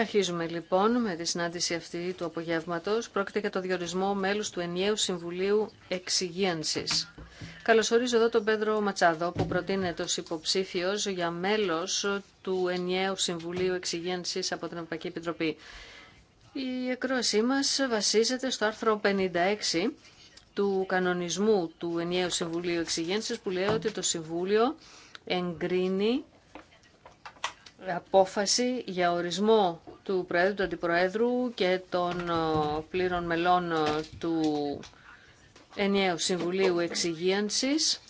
Αρχίζουμε λοιπόν με τη συνάντηση αυτή του απογεύματο. Πρόκειται για το διορισμό μέλους του ενιαίου Συμβουλίου Εξυγίανση. Καλωσορίζω εδώ τον Πέδρο Ματσάδο που προτείνεται ω υποψήφιο για μέλος του ενιαίου Συμβουλίου Εξυγίανση από την Ευρωπαϊκή Επιτροπή. Η εκρόασή μα βασίζεται στο άρθρο 56 του κανονισμού του ενιαίου Συμβουλίου Εξυγίανση που λέει ότι το Συμβούλιο εγκρίνει απόφαση για ορισμό του Προέδρου, του Αντιπροέδρου και των ε, πλήρων μελών ε, του Ενιαίου Συμβουλίου Εξυγίανσης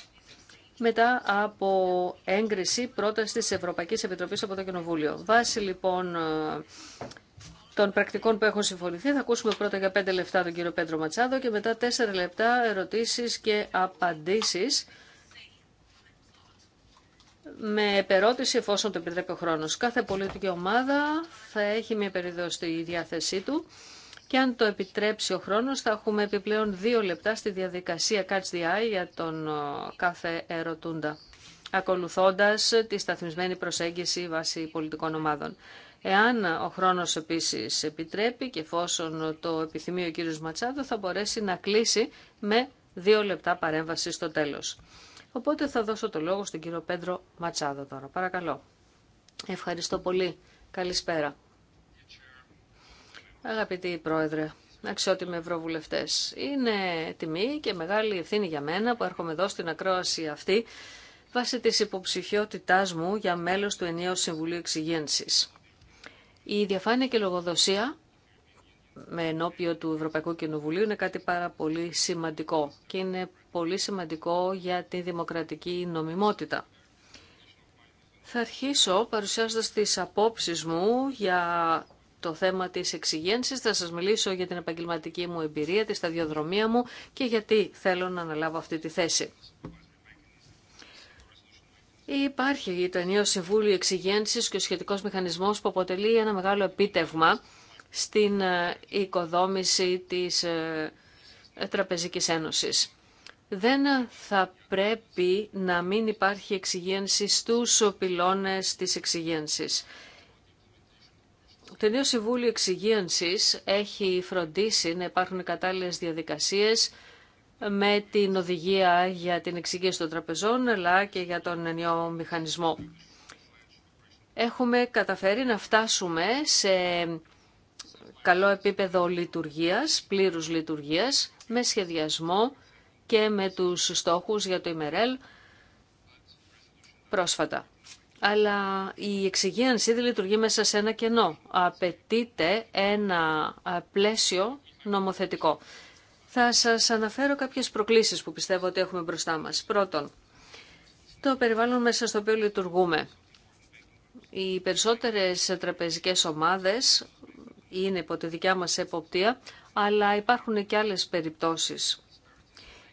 μετά από έγκριση πρόταση της Ευρωπαϊκής Επιτροπής από το Κοινοβούλιο. Βάσει λοιπόν ε, των πρακτικών που έχουν συμφωνηθεί θα ακούσουμε πρώτα για 5 λεπτά τον κύριο Πέντρο Ματσάδο και μετά τέσσερα λεπτά ερωτήσεις και απαντήσεις με επερώτηση εφόσον το επιτρέπει ο χρόνος. Κάθε πολιτική ομάδα θα έχει μια περίοδο στη διάθεσή του και αν το επιτρέψει ο χρόνος θα έχουμε επιπλέον δύο λεπτά στη διαδικασία Catch the Eye για τον κάθε ερωτούντα ακολουθώντας τη σταθμισμένη προσέγγιση βάσει πολιτικών ομάδων. Εάν ο χρόνος επίσης επιτρέπει και εφόσον το επιθυμεί ο κύριος Ματσάδο θα μπορέσει να κλείσει με δύο λεπτά παρέμβαση στο τέλος. Οπότε θα δώσω το λόγο στον κύριο Πέντρο Ματσάδο τώρα. Παρακαλώ. Ευχαριστώ πολύ. Καλησπέρα. Αγαπητοί Πρόεδρε, αξιότιμοι Ευρωβουλευτές, είναι τιμή και μεγάλη ευθύνη για μένα που έρχομαι εδώ στην ακρόαση αυτή βάσει της υποψηφιότητά μου για μέλος του Ενιαίου Συμβουλίου Εξυγένσης. Η διαφάνεια και λογοδοσία με ενώπιο του Ευρωπαϊκού Κοινοβουλίου είναι κάτι πάρα πολύ σημαντικό και είναι πολύ σημαντικό για τη δημοκρατική νομιμότητα. Θα αρχίσω παρουσιάζοντας τις απόψεις μου για το θέμα της εξυγένσης. Θα σας μιλήσω για την επαγγελματική μου εμπειρία, τη σταδιοδρομία μου και γιατί θέλω να αναλάβω αυτή τη θέση. Υπάρχει το ενίο Συμβούλιο Εξυγένσης και ο σχετικός μηχανισμός που αποτελεί ένα μεγάλο επίτευγμα στην ε, οικοδόμηση της ε, Τραπεζικής Ένωσης. Δεν ε, θα πρέπει να μην υπάρχει εξυγίανση στους πυλώνες της εξυγίανσης. Το νέο Συμβούλιο Εξυγίανσης έχει φροντίσει να υπάρχουν κατάλληλες διαδικασίες με την οδηγία για την εξυγίανση των τραπεζών αλλά και για τον νέο μηχανισμό. Έχουμε καταφέρει να φτάσουμε σε καλό επίπεδο λειτουργίας, πλήρους λειτουργίας, με σχεδιασμό και με τους στόχους για το ημερέλ πρόσφατα. Αλλά η εξυγίανση δεν λειτουργεί μέσα σε ένα κενό. Απαιτείται ένα ε, πλαίσιο νομοθετικό. Θα σας αναφέρω κάποιες προκλήσεις που πιστεύω ότι έχουμε μπροστά μας. Πρώτον, το περιβάλλον μέσα στο οποίο λειτουργούμε. Οι περισσότερες τραπεζικές ομάδες είναι υπό τη δικιά μας εποπτεία, αλλά υπάρχουν και άλλες περιπτώσεις.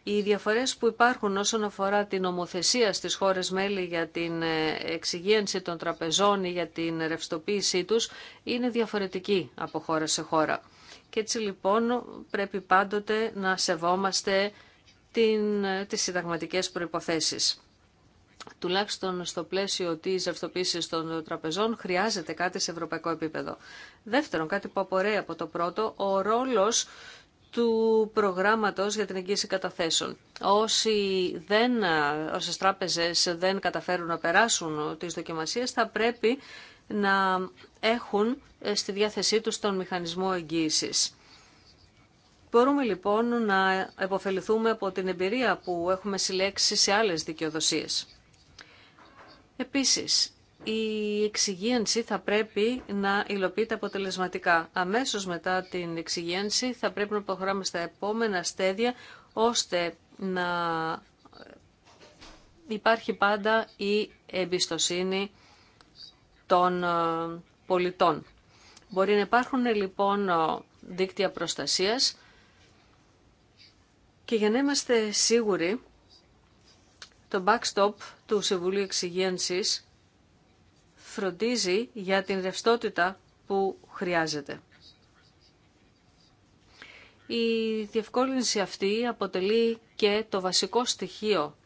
Οι διαφορές που υπάρχουν όσον αφορά την ομοθεσία στις χώρες μέλη για την ε, εξυγίανση των τραπεζών ή για την ρευστοποίησή τους είναι διαφορετική από χώρα σε χώρα. Και έτσι λοιπόν πρέπει πάντοτε να σεβόμαστε την, ε, τις συνταγματικές προϋποθέσεις τουλάχιστον στο πλαίσιο της ευθοποίησης των τραπεζών, χρειάζεται κάτι σε ευρωπαϊκό επίπεδο. Δεύτερον, κάτι που απορρέει από το πρώτο, ο ρόλος του προγράμματος για την εγγύηση καταθέσεων. Όσοι δεν, όσες τράπεζες δεν καταφέρουν να περάσουν τις δοκιμασίες, θα πρέπει να έχουν στη διάθεσή τους τον μηχανισμό εγγύησης. Μπορούμε λοιπόν να επωφεληθούμε από την εμπειρία που έχουμε συλλέξει σε άλλες δικαιοδοσίες. Επίσης, η εξυγίανση θα πρέπει να υλοποιείται αποτελεσματικά. Αμέσως μετά την εξυγίανση θα πρέπει να προχωράμε στα επόμενα στέδια ώστε να υπάρχει πάντα η εμπιστοσύνη των ε, πολιτών. Μπορεί να υπάρχουν ε, λοιπόν ε, δίκτυα προστασίας και για να είμαστε σίγουροι το backstop του Συμβουλίου Εξυγένσης φροντίζει για την ρευστότητα που χρειάζεται. Η διευκόλυνση αυτή αποτελεί και το βασικό στοιχείο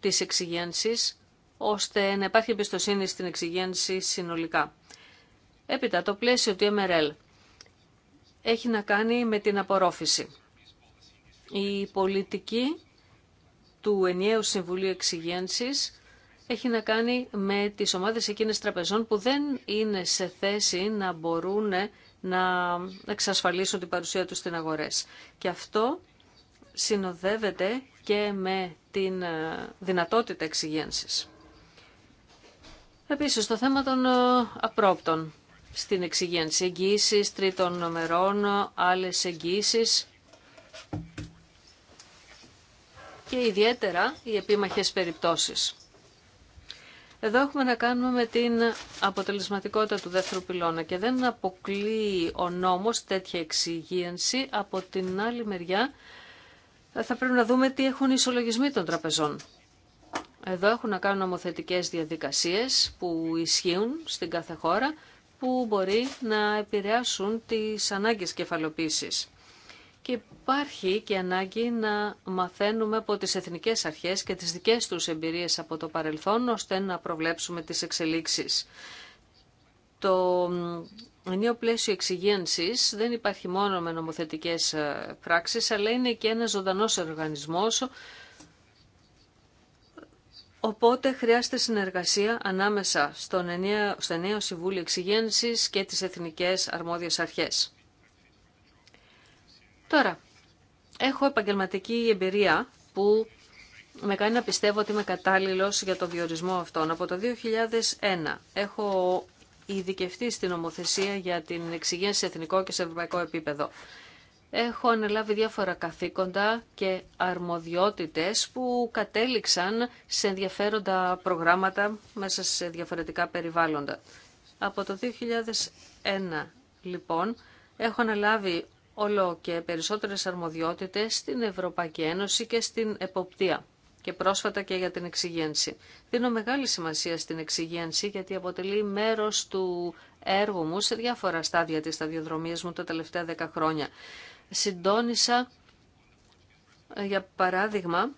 της εξυγένσης, ώστε να υπάρχει εμπιστοσύνη στην εξυγένση συνολικά. Έπειτα, το πλαίσιο του MRL έχει να κάνει με την απορρόφηση. Η πολιτική του ενιαίου Συμβουλίου Εξυγένσης έχει να κάνει με τις ομάδες εκείνες τραπεζών που δεν είναι σε θέση να μπορούν να εξασφαλίσουν την παρουσία τους στην αγορές. Και αυτό συνοδεύεται και με την δυνατότητα εξυγένσης. Επίσης, το θέμα των ε, απρόπτων στην εξυγένση. Εγγύησεις τρίτων νομερών άλλες εγγύησεις και ιδιαίτερα οι επίμαχες περιπτώσεις. Εδώ έχουμε να κάνουμε με την αποτελεσματικότητα του δεύτερου πυλώνα και δεν αποκλείει ο νόμος τέτοια εξυγίανση. Από την άλλη μεριά θα πρέπει να δούμε τι έχουν οι ισολογισμοί των τραπεζών. Εδώ έχουν να κάνουν νομοθετικές διαδικασίες που ισχύουν στην κάθε χώρα που μπορεί να επηρεάσουν τις ανάγκες κεφαλοποίησης και υπάρχει και ανάγκη να μαθαίνουμε από τις εθνικές αρχές και τις δικές τους εμπειρίες από το παρελθόν, ώστε να προβλέψουμε τις εξελίξεις. Το νέο πλαίσιο εξυγένσης δεν υπάρχει μόνο με νομοθετικές ε, πράξεις, αλλά είναι και ένας ζωντανό οργανισμός, Οπότε χρειάζεται συνεργασία ανάμεσα στο νέο Συμβούλιο Εξυγένσης και τις Εθνικές Αρμόδιες Αρχές. Τώρα, έχω επαγγελματική εμπειρία που με κάνει να πιστεύω ότι είμαι κατάλληλος για το διορισμό αυτόν. Από το 2001 έχω ειδικευτεί στην ομοθεσία για την εξυγένση σε εθνικό και σε ευρωπαϊκό επίπεδο. Έχω αναλάβει διάφορα καθήκοντα και αρμοδιότητες που κατέληξαν σε ενδιαφέροντα προγράμματα μέσα σε διαφορετικά περιβάλλοντα. Από το 2001, λοιπόν, έχω αναλάβει όλο και περισσότερες αρμοδιότητες στην Ευρωπαϊκή Ένωση και στην εποπτεία και πρόσφατα και για την εξυγένση. Δίνω μεγάλη σημασία στην εξυγένση γιατί αποτελεί μέρος του έργου μου σε διάφορα στάδια της σταδιοδρομίας μου τα τελευταία δέκα χρόνια. Συντόνισα, ε, για παράδειγμα,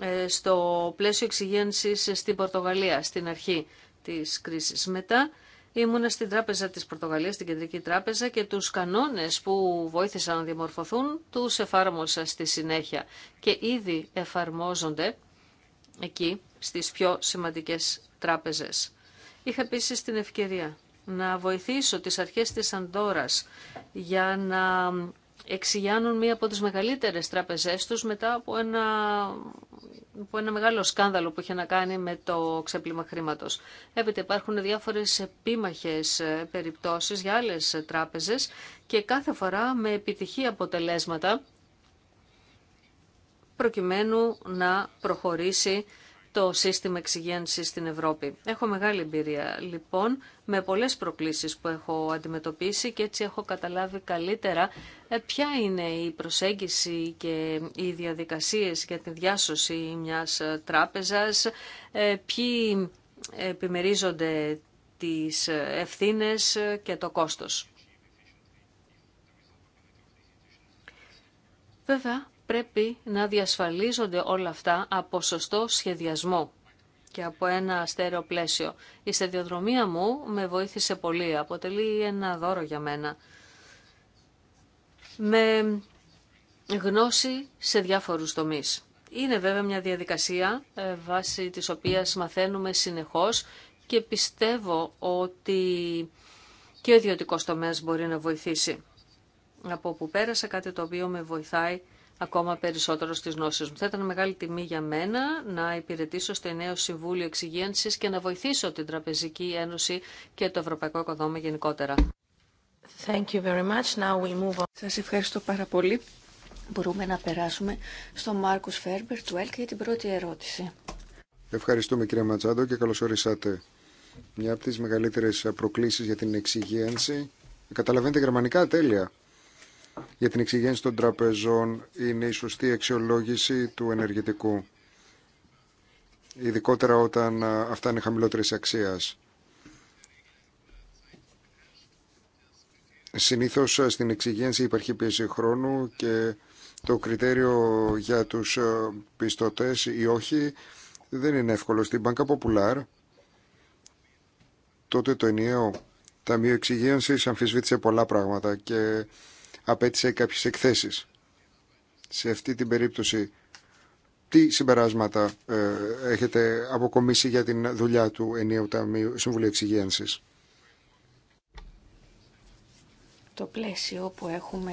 ε, στο πλαίσιο εξυγένσης στην Πορτογαλία, στην αρχή της κρίσης. Μετά Ήμουνα στην τράπεζα της Πορτογαλίας, στην Κεντρική Τράπεζα και τους κανόνες που βοήθησαν να διαμορφωθούν τους εφάρμοσα στη συνέχεια και ήδη εφαρμόζονται εκεί στις πιο σημαντικές τράπεζες. Είχα επίσης την ευκαιρία να βοηθήσω τις αρχές της Αντόρας για να εξηγιάνουν μία από τις μεγαλύτερες τραπεζές τους μετά από ένα, ένα μεγάλο σκάνδαλο που είχε να κάνει με το ξέπλυμα χρήματος. Έπειτα υπάρχουν διάφορες επίμαχες ε, περιπτώσεις για άλλες τράπεζες και κάθε φορά με επιτυχή αποτελέσματα προκειμένου να προχωρήσει το σύστημα εξυγένσης στην Ευρώπη. Έχω μεγάλη εμπειρία λοιπόν με πολλές προκλήσεις που έχω αντιμετωπίσει και έτσι έχω καταλάβει καλύτερα ε, ποια είναι η προσέγγιση και οι διαδικασίες για τη διάσωση μιας ε, τράπεζας, ε, ποιοι επιμερίζονται τις ευθύνες και το κόστος. Βέβαια, πρέπει να διασφαλίζονται όλα αυτά από σωστό σχεδιασμό και από ένα στέρεο πλαίσιο. Η σταδιοδρομία μου με βοήθησε πολύ, αποτελεί ένα δώρο για μένα. Με γνώση σε διάφορους τομείς. Είναι βέβαια μια διαδικασία ε, βάσει της οποίας μαθαίνουμε συνεχώς και πιστεύω ότι και ο ιδιωτικό τομέας μπορεί να βοηθήσει. Από όπου πέρασα κάτι το οποίο με βοηθάει ακόμα περισσότερο στις γνώσεις μου. Θα ήταν μεγάλη τιμή για μένα να υπηρετήσω στο νέο Συμβούλιο Εξυγίανσης και να βοηθήσω την Τραπεζική Ένωση και το Ευρωπαϊκό Οικοδόμημα γενικότερα. Thank you very much. Now we move on. Σας ευχαριστώ πάρα πολύ. Μπορούμε να περάσουμε στον Μάρκους Φέρμπερ του ΕΛΚ για την πρώτη ερώτηση. Ευχαριστούμε κύριε Ματσάντο και καλώς ορίσατε. Μια από τις μεγαλύτερες προκλήσεις για την εξυγίανση. Καταλαβαίνετε γερμανικά τέλεια για την εξηγένση των τραπεζών είναι η σωστή αξιολόγηση του ενεργητικού. Ειδικότερα όταν αυτά είναι χαμηλότερης αξίας. Συνήθως στην εξηγένση υπάρχει πίεση χρόνου και το κριτήριο για τους πιστωτές ή όχι δεν είναι εύκολο. Στην Banca Popular τότε το ενιαίο Ταμείο Εξυγίανσης αμφισβήτησε πολλά πράγματα και απέτησε κάποιες εκθέσεις. Σε αυτή την περίπτωση, τι συμπεράσματα ε, έχετε αποκομίσει για την δουλειά του Ενίου Ταμείου Συμβουλίου Εξυγένσης. Το πλαίσιο που έχουμε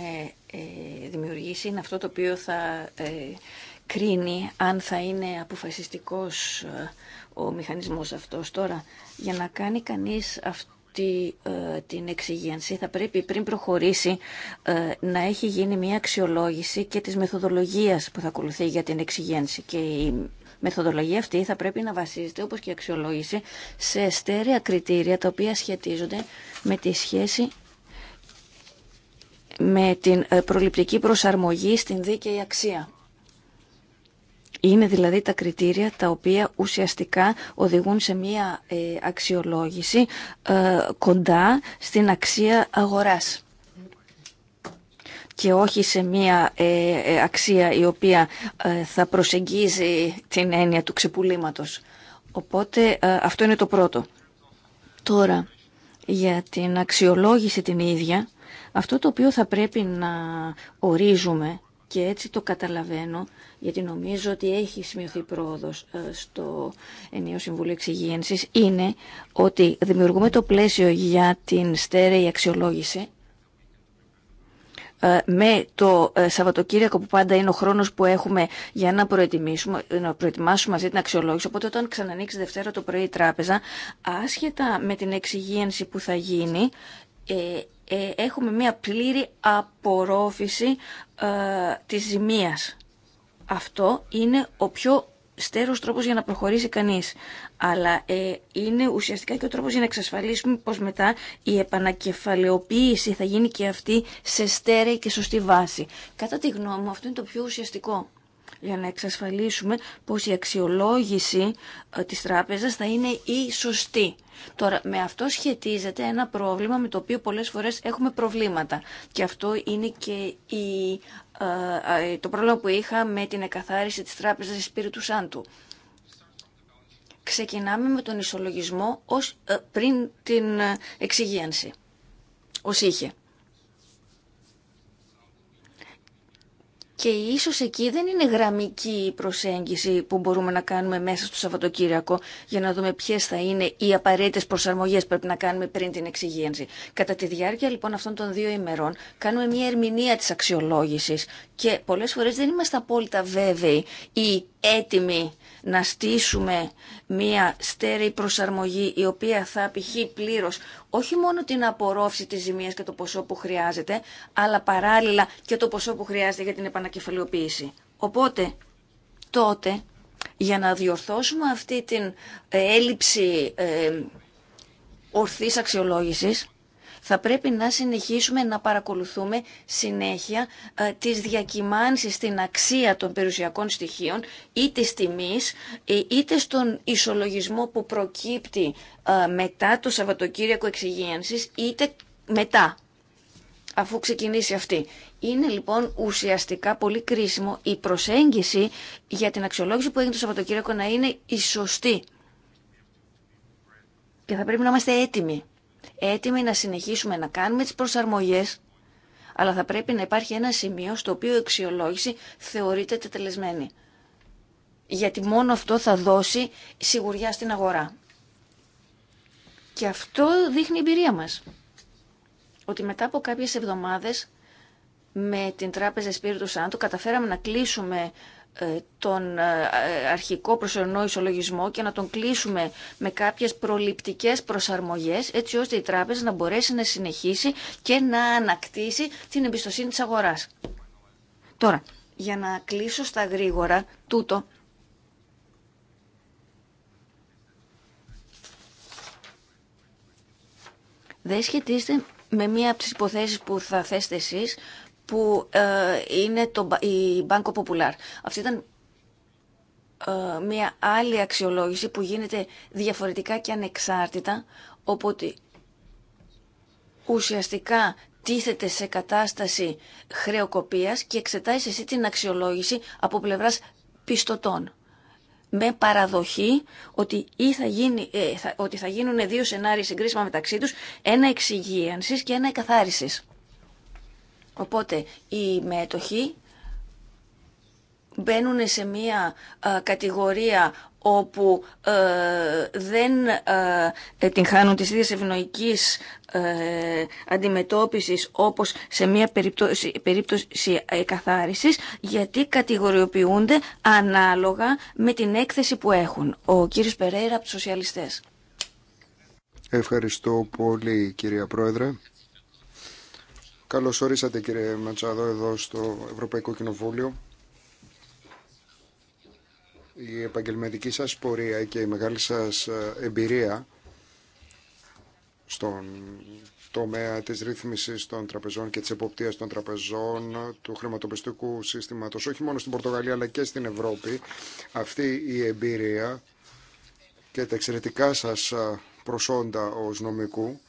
ε, δημιουργήσει είναι αυτό το οποίο θα ε, κρίνει αν θα είναι αποφασιστικός ο μηχανισμός αυτός. Τώρα, για να κάνει κανείς αυτό ε, την εξυγένση θα πρέπει πριν προχωρήσει ε, να έχει γίνει μια αξιολόγηση και της μεθοδολογίας που θα ακολουθεί για την εξυγένση και η μεθοδολογία αυτή θα πρέπει να βασίζεται όπως και η αξιολόγηση σε στέρεα κριτήρια τα οποία σχετίζονται με τη σχέση με την ε, προληπτική προσαρμογή στην δίκαιη αξία. Είναι δηλαδή τα κριτήρια τα οποία ουσιαστικά οδηγούν σε μία ε, αξιολόγηση ε, κοντά στην αξία αγοράς και όχι σε μία ε, αξία η οποία θα προσεγγίζει την έννοια του ξεπουλήματος. Οπότε αυτό είναι το πρώτο. Τώρα, για την αξιολόγηση την ίδια, αυτό το οποίο θα πρέπει να ορίζουμε και έτσι το καταλαβαίνω γιατί νομίζω ότι έχει σημειωθεί πρόοδος ε, στο ενίο Συμβούλιο Εξυγίανσης, είναι ότι δημιουργούμε το πλαίσιο για την στέρεη αξιολόγηση ε, με το ε, Σαββατοκύριακο που πάντα είναι ο χρόνο που έχουμε για να, να προετοιμάσουμε μαζί την αξιολόγηση. Οπότε όταν ξανανοίξει Δευτέρα το πρωί η τράπεζα, άσχετα με την εξυγίανση που θα γίνει, έχουμε μία πλήρη απορρόφηση της ζημίας αυτό είναι ο πιο στέρος τρόπος για να προχωρήσει κανείς. Αλλά ε, είναι ουσιαστικά και ο τρόπος για να εξασφαλίσουμε πως μετά η επανακεφαλαιοποίηση θα γίνει και αυτή σε στέρεη και σωστή βάση. Κατά τη γνώμη μου αυτό είναι το πιο ουσιαστικό για να εξασφαλίσουμε πως η αξιολόγηση ε, της τράπεζας θα είναι η σωστή. Τώρα, με αυτό σχετίζεται ένα πρόβλημα με το οποίο πολλές φορές έχουμε προβλήματα. Και αυτό είναι και ε, ε, το πρόβλημα που είχα με την εκαθάριση της τράπεζας του Σάντου. Ξεκινάμε με τον ισολογισμό ως, πριν την εξυγίανση. Ως είχε. Και ίσως εκεί δεν είναι γραμμική η προσέγγιση που μπορούμε να κάνουμε μέσα στο Σαββατοκύριακο για να δούμε ποιες θα είναι οι απαραίτητες προσαρμογές που πρέπει να κάνουμε πριν την εξυγίανση. Κατά τη διάρκεια λοιπόν αυτών των δύο ημερών κάνουμε μια ερμηνεία της αξιολόγησης και πολλές φορές δεν είμαστε απόλυτα βέβαιοι ή έτοιμοι να στήσουμε μία στέρεη προσαρμογή η οποία θα απηχεί πλήρως όχι μόνο την απορρόφηση της ζημίας και το ποσό που χρειάζεται, αλλά παράλληλα και το ποσό που χρειάζεται για την επανακεφαλαιοποίηση. Οπότε, τότε, για να διορθώσουμε αυτή την ε, έλλειψη ε, ορθής αξιολόγησης, θα πρέπει να συνεχίσουμε να παρακολουθούμε συνέχεια ε, τις διακυμάνσεις στην αξία των περιουσιακών στοιχείων ή της τιμής ε, είτε στον ισολογισμό που προκύπτει ε, μετά το Σαββατοκύριακο εξυγίανσης είτε μετά αφού ξεκινήσει αυτή. Είναι λοιπόν ουσιαστικά πολύ κρίσιμο η προσέγγιση για την αξιολόγηση που έγινε το Σαββατοκύριακο να είναι η σωστή. Και θα πρέπει να είμαστε έτοιμοι έτοιμοι να συνεχίσουμε να κάνουμε τις προσαρμογές, αλλά θα πρέπει να υπάρχει ένα σημείο στο οποίο η αξιολόγηση θεωρείται τελεσμένη Γιατί μόνο αυτό θα δώσει σιγουριά στην αγορά. Και αυτό δείχνει η εμπειρία μας. Ότι μετά από κάποιες εβδομάδες με την τράπεζα του Σάντου καταφέραμε να κλείσουμε ε, τον ε, ε, αρχικό προσωρινό ισολογισμό και να τον κλείσουμε με κάποιες προληπτικές προσαρμογές έτσι ώστε η τράπεζα να μπορέσει να συνεχίσει και να ανακτήσει την εμπιστοσύνη της αγοράς. Τώρα, για να κλείσω στα γρήγορα τούτο. Δεν σχετίζεται με μία από τις υποθέσεις που θα θέσετε εσείς, που ε, είναι το, η Banco Popular. Αυτή ήταν ε, μια άλλη αξιολόγηση που γίνεται διαφορετικά και ανεξάρτητα, οπότε ουσιαστικά τίθεται σε κατάσταση χρεοκοπίας και εξετάζει εσύ την αξιολόγηση από πλευράς πιστωτών. Με παραδοχή ότι, ή θα γίνει, ε, ότι θα γίνουν δύο σενάρια συγκρίσιμα μεταξύ τους, ένα εξυγίανσης και ένα εκαθάρισης. Οπότε οι μέτοχοι μπαίνουν σε μία ε, κατηγορία όπου ε, δεν ε, την χάνουν της ίδιας ευνοϊκής αντιμετώπισης όπως σε μία περίπτωση, περίπτωση γιατί κατηγοριοποιούνται ανάλογα με την έκθεση που έχουν. Ο κύριος Περέιρα από τους Σοσιαλιστές. Ευχαριστώ πολύ κυρία Πρόεδρε. Καλώς ορίσατε κύριε Ματσάδο εδώ στο Ευρωπαϊκό Κοινοβούλιο. Η επαγγελματική σας πορεία και η μεγάλη σας ε, εμπειρία στον τομέα της ρύθμισης των τραπεζών και της εποπτείας των τραπεζών του χρηματοπιστικού συστήματος, όχι μόνο στην Πορτογαλία αλλά και στην Ευρώπη. Αυτή η εμπειρία και τα εξαιρετικά σας ε, προσόντα ως νομικού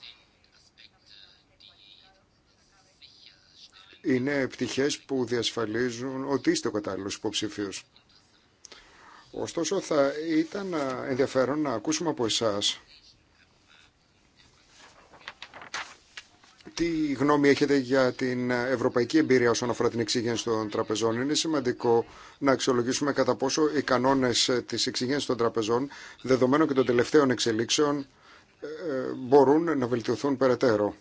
είναι πτυχές που διασφαλίζουν ότι είστε ο κατάλληλος υποψηφίος. Ωστόσο θα ήταν ενδιαφέρον να ακούσουμε από εσάς τι γνώμη έχετε για την ευρωπαϊκή εμπειρία όσον αφορά την εξήγηση των τραπεζών. Είναι σημαντικό να αξιολογήσουμε κατά πόσο οι κανόνες της εξήγησης των τραπεζών, δεδομένων και των τελευταίων εξελίξεων, ε, ε, μπορούν να βελτιωθούν περαιτέρω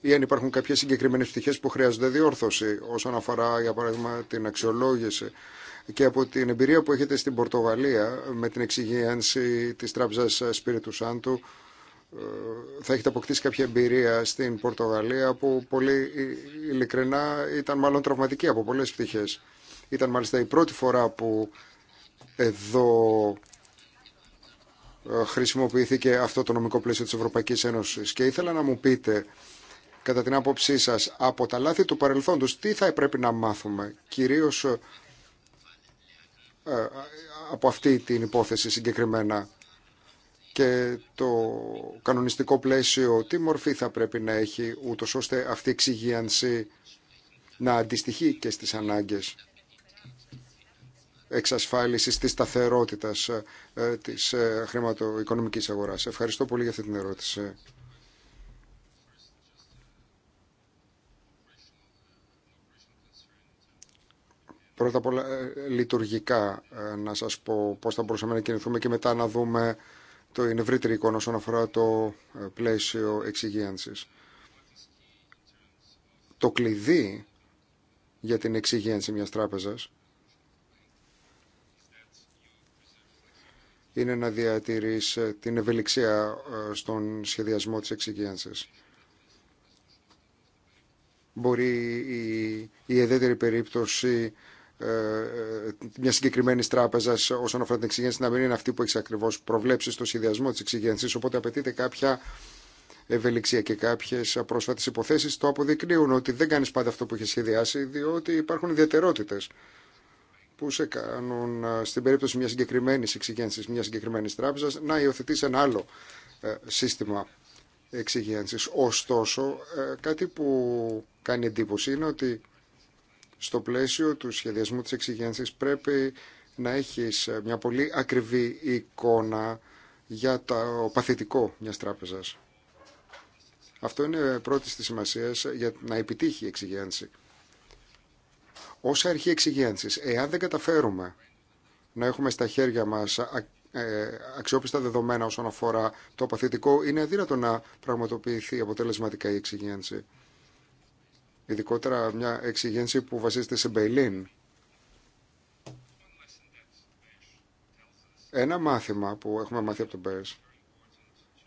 ή αν υπάρχουν κάποιες συγκεκριμένες πτυχές που χρειάζονται διόρθωση όσον αφορά για παράδειγμα την αξιολόγηση και από την εμπειρία που έχετε στην Πορτογαλία με την εξυγίανση της τράπεζας Σπίριτου Σάντου ε, θα έχετε αποκτήσει κάποια εμπειρία στην Πορτογαλία που πολύ ειλικρινά ήταν μάλλον τραυματική από πολλές πτυχές. Ήταν μάλιστα η πρώτη φορά που εδώ ε, χρησιμοποιήθηκε αυτό το νομικό πλαίσιο της Ευρωπαϊκής Ένωσης και ήθελα να μου πείτε Κατά την άποψή σας, από τα λάθη του παρελθόντος, τι θα πρέπει να μάθουμε, κυρίως ε, από αυτή την υπόθεση συγκεκριμένα και το κανονιστικό πλαίσιο, τι μορφή θα πρέπει να έχει, ούτως ώστε αυτή η εξυγίανση να αντιστοιχεί και στις ανάγκες εξασφάλισης της σταθερότητας ε, της ε, χρηματοοικονομικής αγοράς. Ευχαριστώ πολύ για αυτή την ερώτηση. Πρώτα απ' όλα ε, λειτουργικά ε, να σας πω πώς θα μπορούσαμε να κινηθούμε και μετά να δούμε το ευρύτερη εικόνα όσον αφορά το ε, πλαίσιο εξυγίανσης. Το κλειδί για την εξυγίανση μιας τράπεζας είναι να διατηρείς την ευελιξία στον σχεδιασμό της εξυγίανσης. Μπορεί η ιδιαίτερη περίπτωση ε, ε, μια συγκεκριμένη τράπεζα όσον αφορά την εξηγένση να μην είναι αυτή που έχει ακριβώ προβλέψει στο σχεδιασμό τη εξηγένση. Οπότε απαιτείται κάποια ευελιξία και κάποιε πρόσφατε υποθέσει το αποδεικνύουν ότι δεν κάνει πάντα αυτό που έχει σχεδιάσει, διότι υπάρχουν ιδιαιτερότητε που σε κάνουν ε, στην περίπτωση μια συγκεκριμένη εξηγένση μια συγκεκριμένη τράπεζα να υιοθετήσει ένα άλλο σύστημα εξηγένση. Ωστόσο, κάτι που κάνει εντύπωση είναι ότι στο πλαίσιο του σχεδιασμού της εξηγένσης πρέπει να έχεις ε, μια πολύ ακριβή εικόνα για το παθητικό μιας τράπεζας. Αυτό είναι πρώτη της σημασίας για να επιτύχει η εξηγένση. Όσα αρχή εξηγένσης, εάν δεν καταφέρουμε να έχουμε στα χέρια μας ε, αξιόπιστα δεδομένα όσον αφορά το παθητικό, είναι αδύνατο να πραγματοποιηθεί αποτελεσματικά η εξηγένση. Ειδικότερα μια εξηγένση που βασίζεται σε Μπεϊλίν. Ένα μάθημα που έχουμε μάθει από τον ΠΕΡΣ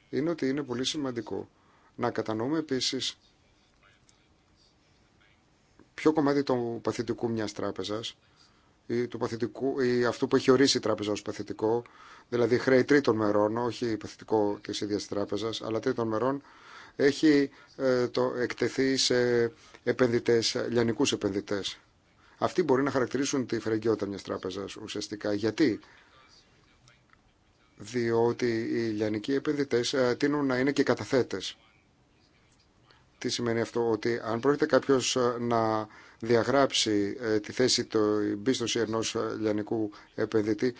είναι ότι είναι πολύ σημαντικό να κατανοούμε επίσης ποιο κομμάτι του παθητικού μιας τράπεζας ή, του παθητικού, ή αυτού που έχει ορίσει η τράπεζα ως παθητικό, δηλαδή χρέη τρίτων μερών, όχι παθητικό της ίδιας τράπεζας, αλλά τρίτων μερών, έχει ε, το εκτεθεί σε επενδυτές, λιανικούς επενδυτές. Αυτοί μπορεί να χαρακτηρίσουν τη φρεγγιότητα μιας τράπεζας ουσιαστικά. Γιατί? Διότι οι λιανικοί επενδυτές ε, τείνουν να είναι και καταθέτες. Τι σημαίνει αυτό, ότι αν πρόκειται κάποιος ε, να διαγράψει τη θέση το πίστοση ενός λιανικού επενδυτή,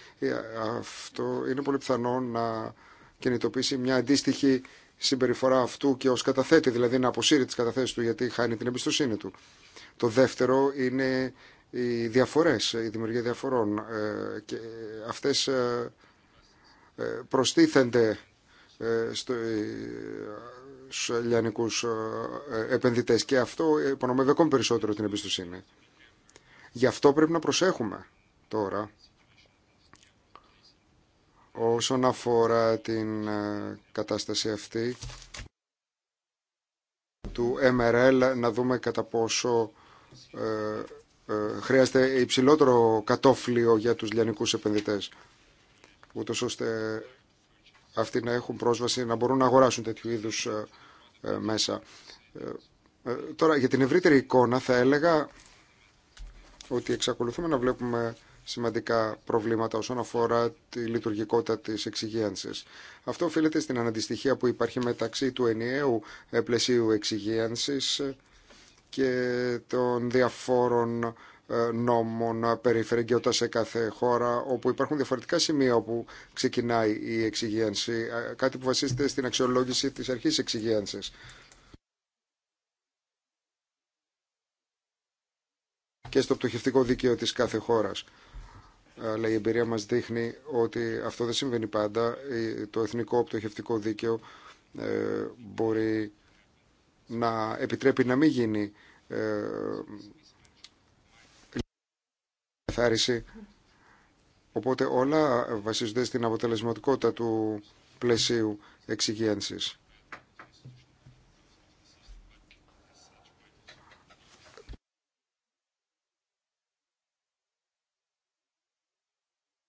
αυτό είναι πολύ πιθανό να κινητοποιήσει μια αντίστοιχη συμπεριφορά αυτού και ως καταθέτη, δηλαδή να αποσύρει τις καταθέσεις του γιατί χάνει την εμπιστοσύνη του. Το δεύτερο είναι οι διαφορές, η δημιουργία διαφορών ε, και αυτές ε, ε, προστίθενται στους λιανικούς επενδυτές και αυτό υπονομεύει ακόμη περισσότερο την εμπιστοσύνη. Γι' αυτό πρέπει να προσέχουμε τώρα Όσον αφορά την ε, κατάσταση αυτή του MRL, να δούμε κατά πόσο ε, ε, χρειάζεται υψηλότερο κατόφλιο για τους λιανικούς επενδυτές, ούτως ώστε αυτοί να έχουν πρόσβαση, να μπορούν να αγοράσουν τέτοιου είδους μέσα. Τώρα, για την ευρύτερη εικόνα θα έλεγα ότι εξακολουθούμε να βλέπουμε σημαντικά προβλήματα όσον αφορά τη λειτουργικότητα τη εξυγίανση. Αυτό οφείλεται στην αναντιστοιχεία που υπάρχει μεταξύ του ενιαίου ε, πλαισίου εξυγίανση και των διαφόρων ε, νόμων περιφερειακότητα σε κάθε χώρα, όπου υπάρχουν διαφορετικά σημεία όπου ξεκινάει η εξυγίανση, ε, κάτι που βασίζεται στην αξιολόγηση της αρχής εξυγίανσης. και στο πτωχευτικό δίκαιο της κάθε χώρας αλλά η εμπειρία μας δείχνει ότι αυτό δεν συμβαίνει πάντα. Το εθνικό πτωχευτικό δίκαιο ε, μπορεί να επιτρέπει να μην γίνει ε, καθάριση. Οπότε όλα βασίζονται στην αποτελεσματικότητα του πλαισίου εξυγένσης.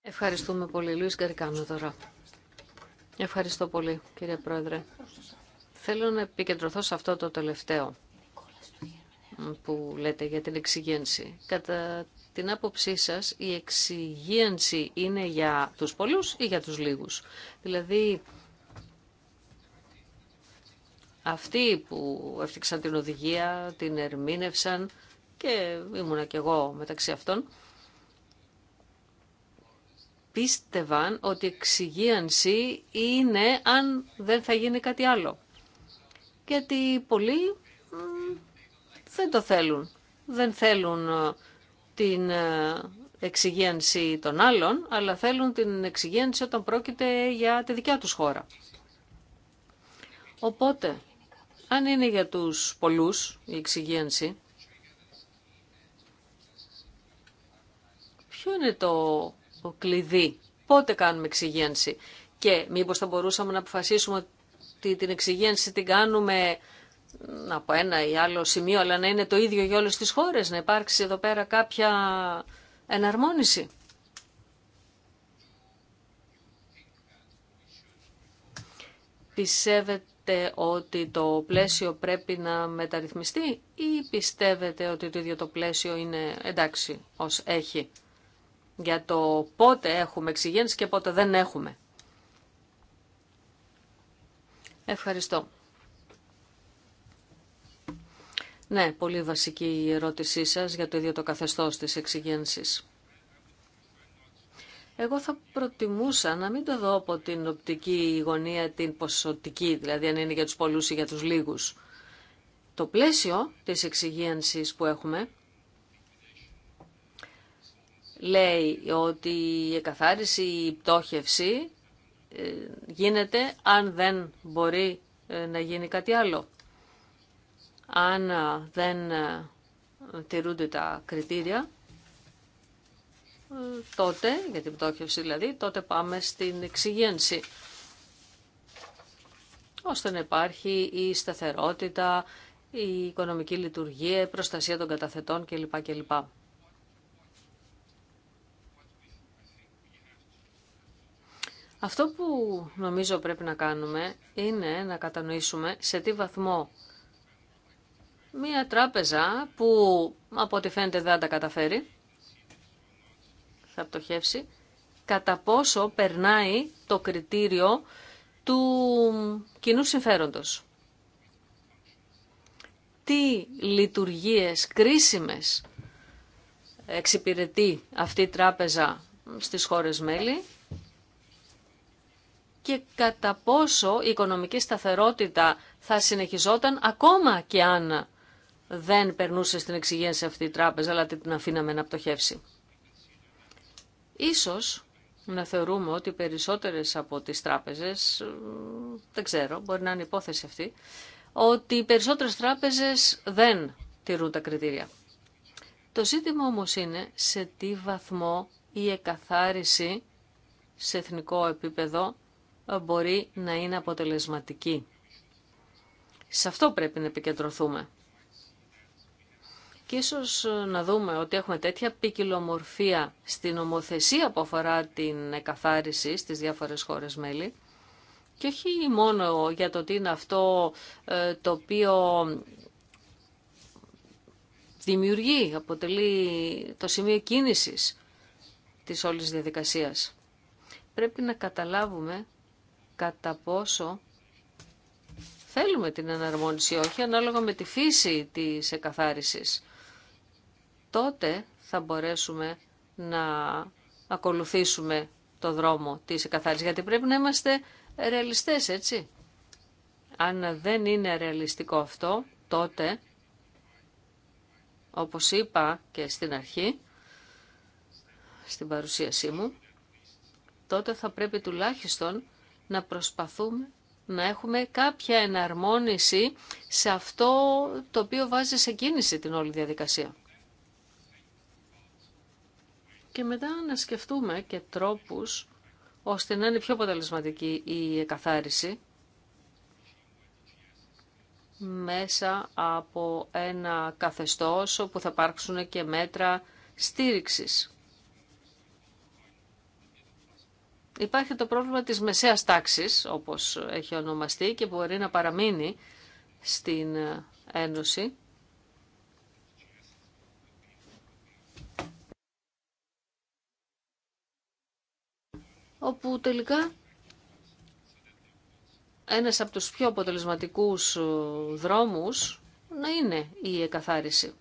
Ευχαριστούμε πολύ. Λουίς Γκαρικάνο τώρα. Ευχαριστώ πολύ, κύριε Πρόεδρε. Θέλω να επικεντρωθώ σε αυτό το τελευταίο που λέτε για την εξυγένση. Κατά την άποψή σας, η εξυγένση είναι για τους πολλούς ή για τους λίγους. Δηλαδή, αυτοί που έφτιαξαν την οδηγία, την ερμήνευσαν και ήμουνα κι εγώ μεταξύ αυτών, πίστευαν ότι εξυγίανση είναι αν δεν θα γίνει κάτι άλλο. Γιατί πολλοί δεν το θέλουν. Δεν θέλουν ε, την ε, εξυγίανση των άλλων, αλλά θέλουν την εξυγίανση όταν πρόκειται για τη δικιά τους χώρα. Οπότε, αν είναι για τους πολλούς η εξυγίανση, ποιο είναι το ο κλειδί. Πότε κάνουμε εξυγένση και μήπως θα μπορούσαμε να αποφασίσουμε ότι την εξυγένση την κάνουμε από ένα ή άλλο σημείο, αλλά να είναι το ίδιο για όλες τις χώρες, να υπάρξει εδώ πέρα κάποια εναρμόνιση. Πιστεύετε ότι το πλαίσιο πρέπει να μεταρρυθμιστεί ή πιστεύετε ότι το ίδιο το πλαίσιο είναι εντάξει ως έχει για το πότε έχουμε εξυγένση και πότε δεν έχουμε. Ευχαριστώ. Ναι, πολύ βασική η ερώτησή σας για το ίδιο το καθεστώς της εξυγένσης. Εγώ θα προτιμούσα να μην το δω από την οπτική γωνία την ποσοτική, δηλαδή αν είναι για τους πολλούς ή για τους λίγους. Το πλαίσιο της εξυγένσης που έχουμε λέει ότι η εκαθάριση, η πτώχευση ε, γίνεται αν δεν μπορεί ε, να γίνει κάτι άλλο. Αν ε, δεν τηρούνται τα κριτήρια, τότε, για την πτώχευση δηλαδή, τότε πάμε στην εξυγένση ώστε να υπάρχει η σταθερότητα, η οικονομική λειτουργία, η προστασία των καταθετών κλπ. Αυτό που νομίζω πρέπει να κάνουμε είναι να κατανοήσουμε σε τι βαθμό μία τράπεζα που από ό,τι φαίνεται δεν τα καταφέρει, θα πτωχεύσει, κατά πόσο περνάει το κριτήριο του κοινού συμφέροντος. Τι λειτουργίες κρίσιμες εξυπηρετεί αυτή η τράπεζα στις χώρες μέλη και κατά πόσο η οικονομική σταθερότητα θα συνεχιζόταν ακόμα και αν δεν περνούσε στην σε αυτή η τράπεζα, αλλά την αφήναμε να πτωχεύσει. Ίσως να θεωρούμε ότι περισσότερες από τις τράπεζες, δεν ξέρω, μπορεί να είναι υπόθεση αυτή, ότι οι περισσότερες τράπεζες δεν τηρούν τα κριτήρια. Το ζήτημα όμως είναι σε τι βαθμό η εκαθάριση σε εθνικό επίπεδο μπορεί να είναι αποτελεσματική. Σε αυτό πρέπει να επικεντρωθούμε. Και ίσως να δούμε ότι έχουμε τέτοια ποικιλομορφία στην ομοθεσία που αφορά την εκαθάριση στις διάφορες χώρες μέλη και όχι μόνο για το τι είναι αυτό ε, το οποίο δημιουργεί, αποτελεί το σημείο κίνησης της όλης διαδικασίας. Πρέπει να καταλάβουμε κατά πόσο θέλουμε την εναρμόνιση όχι, ανάλογα με τη φύση της εκαθάρισης. Τότε θα μπορέσουμε να ακολουθήσουμε το δρόμο της εκαθάρισης, γιατί πρέπει να είμαστε ρεαλιστές, έτσι. Αν δεν είναι ρεαλιστικό αυτό, τότε, όπως είπα και στην αρχή, στην παρουσίασή μου, τότε θα πρέπει τουλάχιστον να προσπαθούμε να έχουμε κάποια εναρμόνιση σε αυτό το οποίο βάζει σε κίνηση την όλη διαδικασία. Και μετά να σκεφτούμε και τρόπους ώστε να είναι πιο αποτελεσματική η εκαθάριση μέσα από ένα καθεστώς όπου θα υπάρξουν και μέτρα στήριξης. υπάρχει το πρόβλημα της μεσαίας τάξης, όπως έχει ονομαστεί και μπορεί να παραμείνει στην Ένωση. όπου τελικά ένας από τους πιο αποτελεσματικούς δρόμους να είναι η εκαθάριση.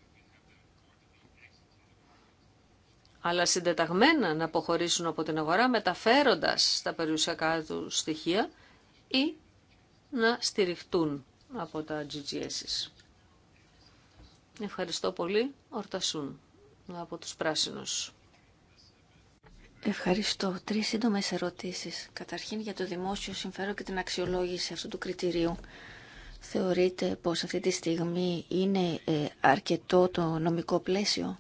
αλλά συντεταγμένα να αποχωρήσουν από την αγορά μεταφέροντας τα περιουσιακά του στοιχεία ή να στηριχτούν από τα GGS. Ευχαριστώ πολύ. Ορτασούν από τους πράσινους. Ευχαριστώ. Τρεις σύντομες ερωτήσεις. Καταρχήν για το δημόσιο συμφέρον και την αξιολόγηση αυτού του κριτηρίου. Θεωρείτε πως αυτή τη στιγμή είναι ε, αρκετό το νομικό πλαίσιο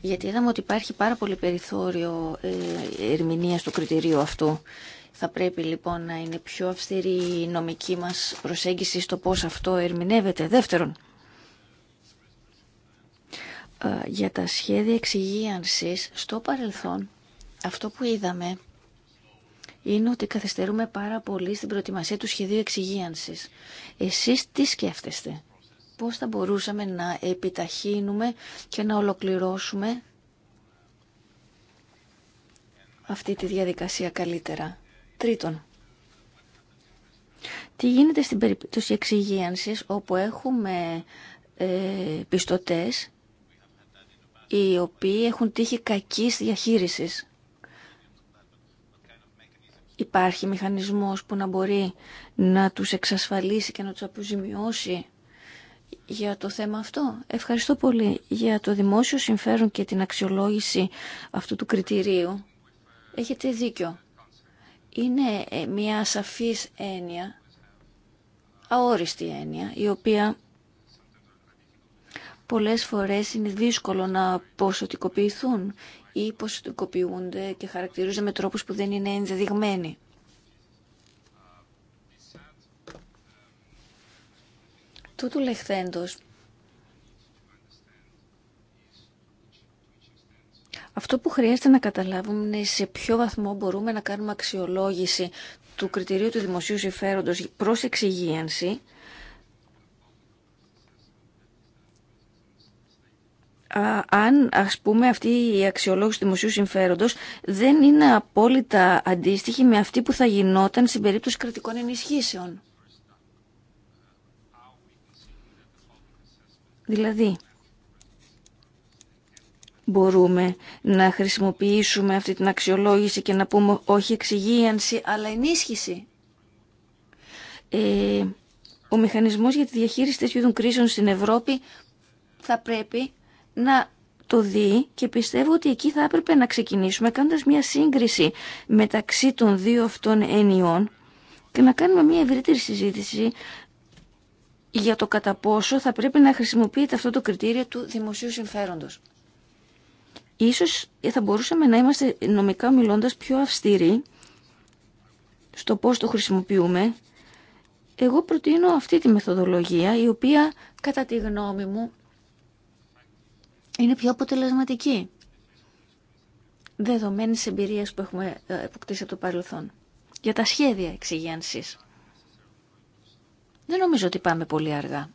γιατί είδαμε ότι υπάρχει πάρα πολύ περιθώριο ε, ερμηνείας του κριτηρίου αυτού. Θα πρέπει λοιπόν να είναι πιο αυστηρή η νομική μας προσέγγιση στο πώς αυτό ερμηνεύεται. Δεύτερον, ε, για τα σχέδια εξυγίανσης στο παρελθόν, αυτό που είδαμε είναι ότι καθυστερούμε πάρα πολύ στην προετοιμασία του σχεδίου εξυγίανσης. Εσείς τι σκέφτεστε πώς θα μπορούσαμε να επιταχύνουμε και να ολοκληρώσουμε αυτή τη διαδικασία καλύτερα. Τρίτον, τι γίνεται στην περίπτωση εξυγίανσης όπου έχουμε ε, πιστωτές οι οποίοι έχουν τύχει κακής διαχείρισης. Υπάρχει μηχανισμός που να μπορεί να τους εξασφαλίσει και να τους αποζημιώσει για το θέμα αυτό. Ευχαριστώ πολύ για το δημόσιο συμφέρον και την αξιολόγηση αυτού του κριτηρίου. Έχετε δίκιο. Είναι ε, μια σαφής έννοια, αόριστη έννοια, η οποία πολλές φορές είναι δύσκολο να ποσοτικοποιηθούν ή ποσοτικοποιούνται και χαρακτηρίζονται με τρόπους που δεν είναι ενδεδειγμένοι. του λεχθέντος. Αυτό που χρειάζεται να καταλάβουμε είναι σε ποιο βαθμό μπορούμε να κάνουμε αξιολόγηση του κριτηρίου του δημοσίου συμφέροντος προς εξυγίανση αν ας πούμε αυτή η αξιολόγηση του δημοσίου συμφέροντος δεν είναι απόλυτα αντίστοιχη με αυτή που θα γινόταν στην περίπτωση κρατικών ενισχύσεων. Δηλαδή, μπορούμε να χρησιμοποιήσουμε αυτή την αξιολόγηση και να πούμε όχι εξυγίανση αλλά ενίσχυση. Ε, ο μηχανισμός για τη διαχείριση τέτοιου κρίσεων στην Ευρώπη θα πρέπει να το δει και πιστεύω ότι εκεί θα έπρεπε να ξεκινήσουμε κάνοντας μια σύγκριση μεταξύ των δύο αυτών ενιών και να κάνουμε μια ευρύτερη συζήτηση για το κατά πόσο θα πρέπει να χρησιμοποιείται αυτό το κριτήριο του δημοσίου συμφέροντος. Ίσως θα μπορούσαμε να είμαστε νομικά μιλώντας πιο αυστηροί στο πώς το χρησιμοποιούμε. Εγώ προτείνω αυτή τη μεθοδολογία η οποία κατά τη γνώμη μου είναι πιο αποτελεσματική δεδομένης εμπειρίας που έχουμε ε, αποκτήσει από το παρελθόν. Για τα σχέδια εξυγένσης. Δεν νομίζω ότι πάμε πολύ αργά.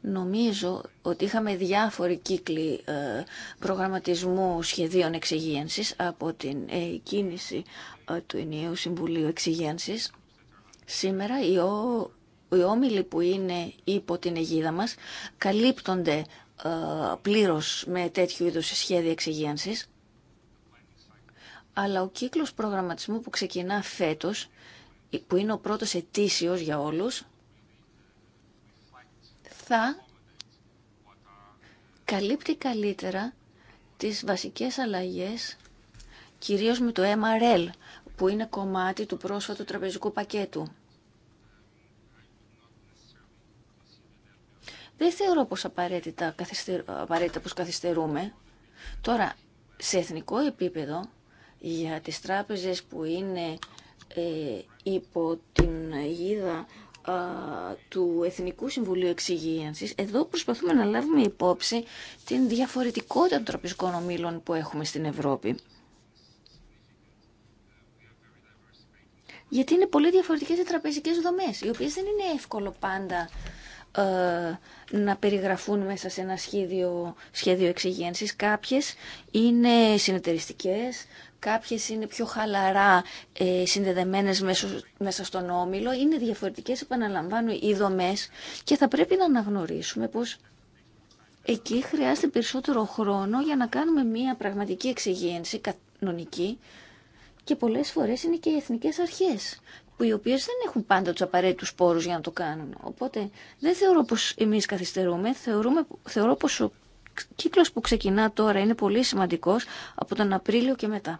Νομίζω ότι είχαμε διάφοροι κύκλοι ε, προγραμματισμού σχεδίων εξυγίανσης από την ε, κίνηση ε, του Ενιαίου Συμβουλίου Εξυγίανσης. Σήμερα οι όμιλοι που είναι υπό την αιγίδα μας καλύπτονται πλήρως με τέτοιου είδους σχέδια εξυγίανσης. Αλλά ο κύκλος προγραμματισμού που ξεκινά φέτος, που είναι ο πρώτος ετήσιος για όλους, θα καλύπτει καλύτερα τις βασικές αλλαγές, κυρίως με το MRL, που είναι κομμάτι του πρόσφατου τραπεζικού πακέτου. Δεν θεωρώ πως απαραίτητα, απαραίτητα πως καθυστερούμε. Τώρα, σε εθνικό επίπεδο, για τις τράπεζες που είναι ε, υπό την αιγίδα του Εθνικού Συμβουλίου Εξυγίανσης, εδώ προσπαθούμε να λάβουμε υπόψη την διαφορετικότητα των τραπεζικών ομήλων που έχουμε στην Ευρώπη. Γιατί είναι πολύ διαφορετικές οι τραπεζικές δομές, οι οποίες δεν είναι εύκολο πάντα ε, να περιγραφούν μέσα σε ένα σχέδιο, σχέδιο εξυγένσης. Κάποιες είναι συνεταιριστικές, κάποιες είναι πιο χαλαρά ε, συνδεδεμένες μέσα στον όμιλο, είναι διαφορετικές, επαναλαμβάνω, οι δομές και θα πρέπει να αναγνωρίσουμε πως εκεί χρειάζεται περισσότερο χρόνο για να κάνουμε μια πραγματική εξυγίανση κανονική και πολλές φορές είναι και οι εθνικές αρχές που οι οποίες δεν έχουν πάντα του απαραίτητου πόρου για να το κάνουν. Οπότε δεν θεωρώ πω εμεί καθυστερούμε. Θεωρούμε, θεωρώ πως ο κύκλος που ξεκινά τώρα είναι πολύ σημαντικός από τον Απρίλιο και μετά.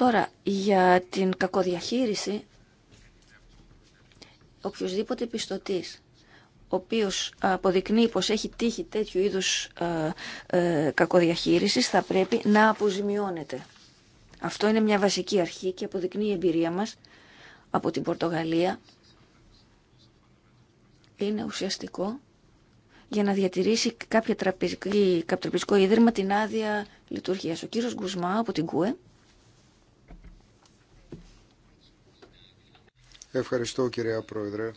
Τώρα, για την κακοδιαχείριση, οποιοδήποτε πιστωτής ο οποίος αποδεικνύει πως έχει τύχει τέτοιου είδους ε, ε, κακοδιαχείρισης θα πρέπει να αποζημιώνεται. Αυτό είναι μια βασική αρχή και αποδεικνύει η εμπειρία μας από την Πορτογαλία. Είναι ουσιαστικό για να διατηρήσει κάποιο τραπεζικό ίδρυμα την άδεια λειτουργίας. Ο κύριος Γκουσμά από την ΚΟΕ Ευχαριστώ κυρία Πρόεδρε.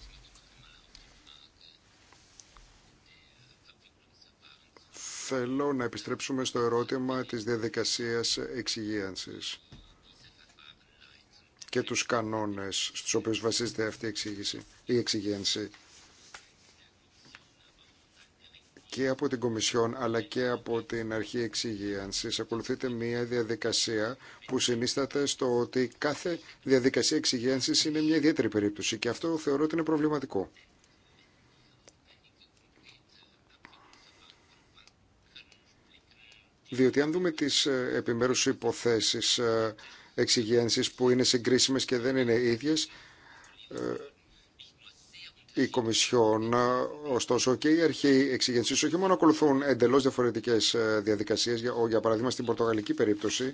Θέλω να επιστρέψουμε στο ερώτημα της διαδικασίας εξυγίανσης και τους κανόνες στους οποίους βασίζεται αυτή η εξυγίανση. και από την Κομισιόν αλλά και από την Αρχή Εξυγίανσης ακολουθείται μια διαδικασία που συνίσταται στο ότι κάθε διαδικασία εξυγίανσης είναι μια ιδιαίτερη περίπτωση και αυτό θεωρώ ότι είναι προβληματικό. Διότι αν δούμε τις ε, επιμέρους υποθέσεις ε, εξυγίανσης που είναι συγκρίσιμες και δεν είναι ίδιες, ε, η Κομισιόν, ε, ωστόσο και οι αρχή εξηγενσής όχι μόνο ακολουθούν εντελώς διαφορετικές ε, διαδικασίες, για, για παράδειγμα στην πορτογαλική περίπτωση,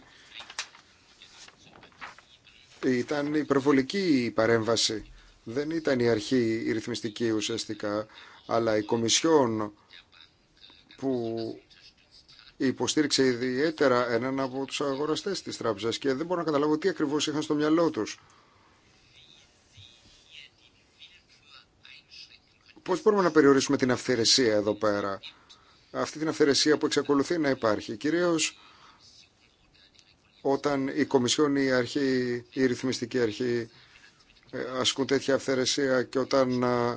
ήταν υπερβολική η παρέμβαση. Δεν ήταν η αρχή η ρυθμιστική ουσιαστικά, αλλά η Κομισιόν που υποστήριξε ιδιαίτερα έναν από τους αγοραστές της τράπεζας και δεν μπορώ να καταλάβω τι ακριβώς είχαν στο μυαλό τους. Πώς μπορούμε να περιορίσουμε την αυθαιρεσία εδώ πέρα, αυτή την αυθαιρεσία που εξακολουθεί να υπάρχει, κυρίως όταν η Κομισιόν, η αρχή, η ρυθμιστική αρχή ε, ασκούν τέτοια αυθαιρεσία και όταν ε,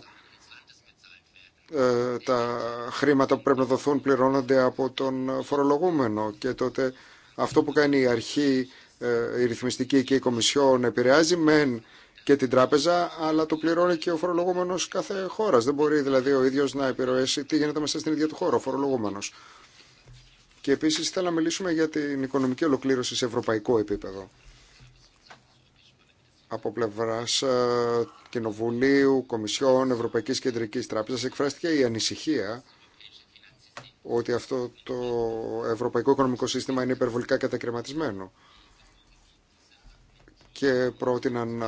ε, τα χρήματα που πρέπει να δοθούν πληρώνονται από τον φορολογούμενο και τότε αυτό που κάνει η αρχή, η ρυθμιστική και η Κομισιόν επηρεάζει μεν και την τράπεζα, αλλά το πληρώνει και ο φορολογούμενο κάθε χώρα. Δεν μπορεί δηλαδή ο ίδιο να επιρροέσει τι γίνεται μέσα στην ίδια του χώρα, ο φορολογούμενο. Και επίση θέλω να μιλήσουμε για την οικονομική ολοκλήρωση σε ευρωπαϊκό επίπεδο. Από πλευρά ε, Κοινοβουλίου, Κομισιόν, Ευρωπαϊκή Κεντρική Τράπεζα εκφράστηκε η ανησυχία ότι αυτό το ευρωπαϊκό οικονομικό σύστημα είναι υπερβολικά κατακρεματισμένο και πρότειναν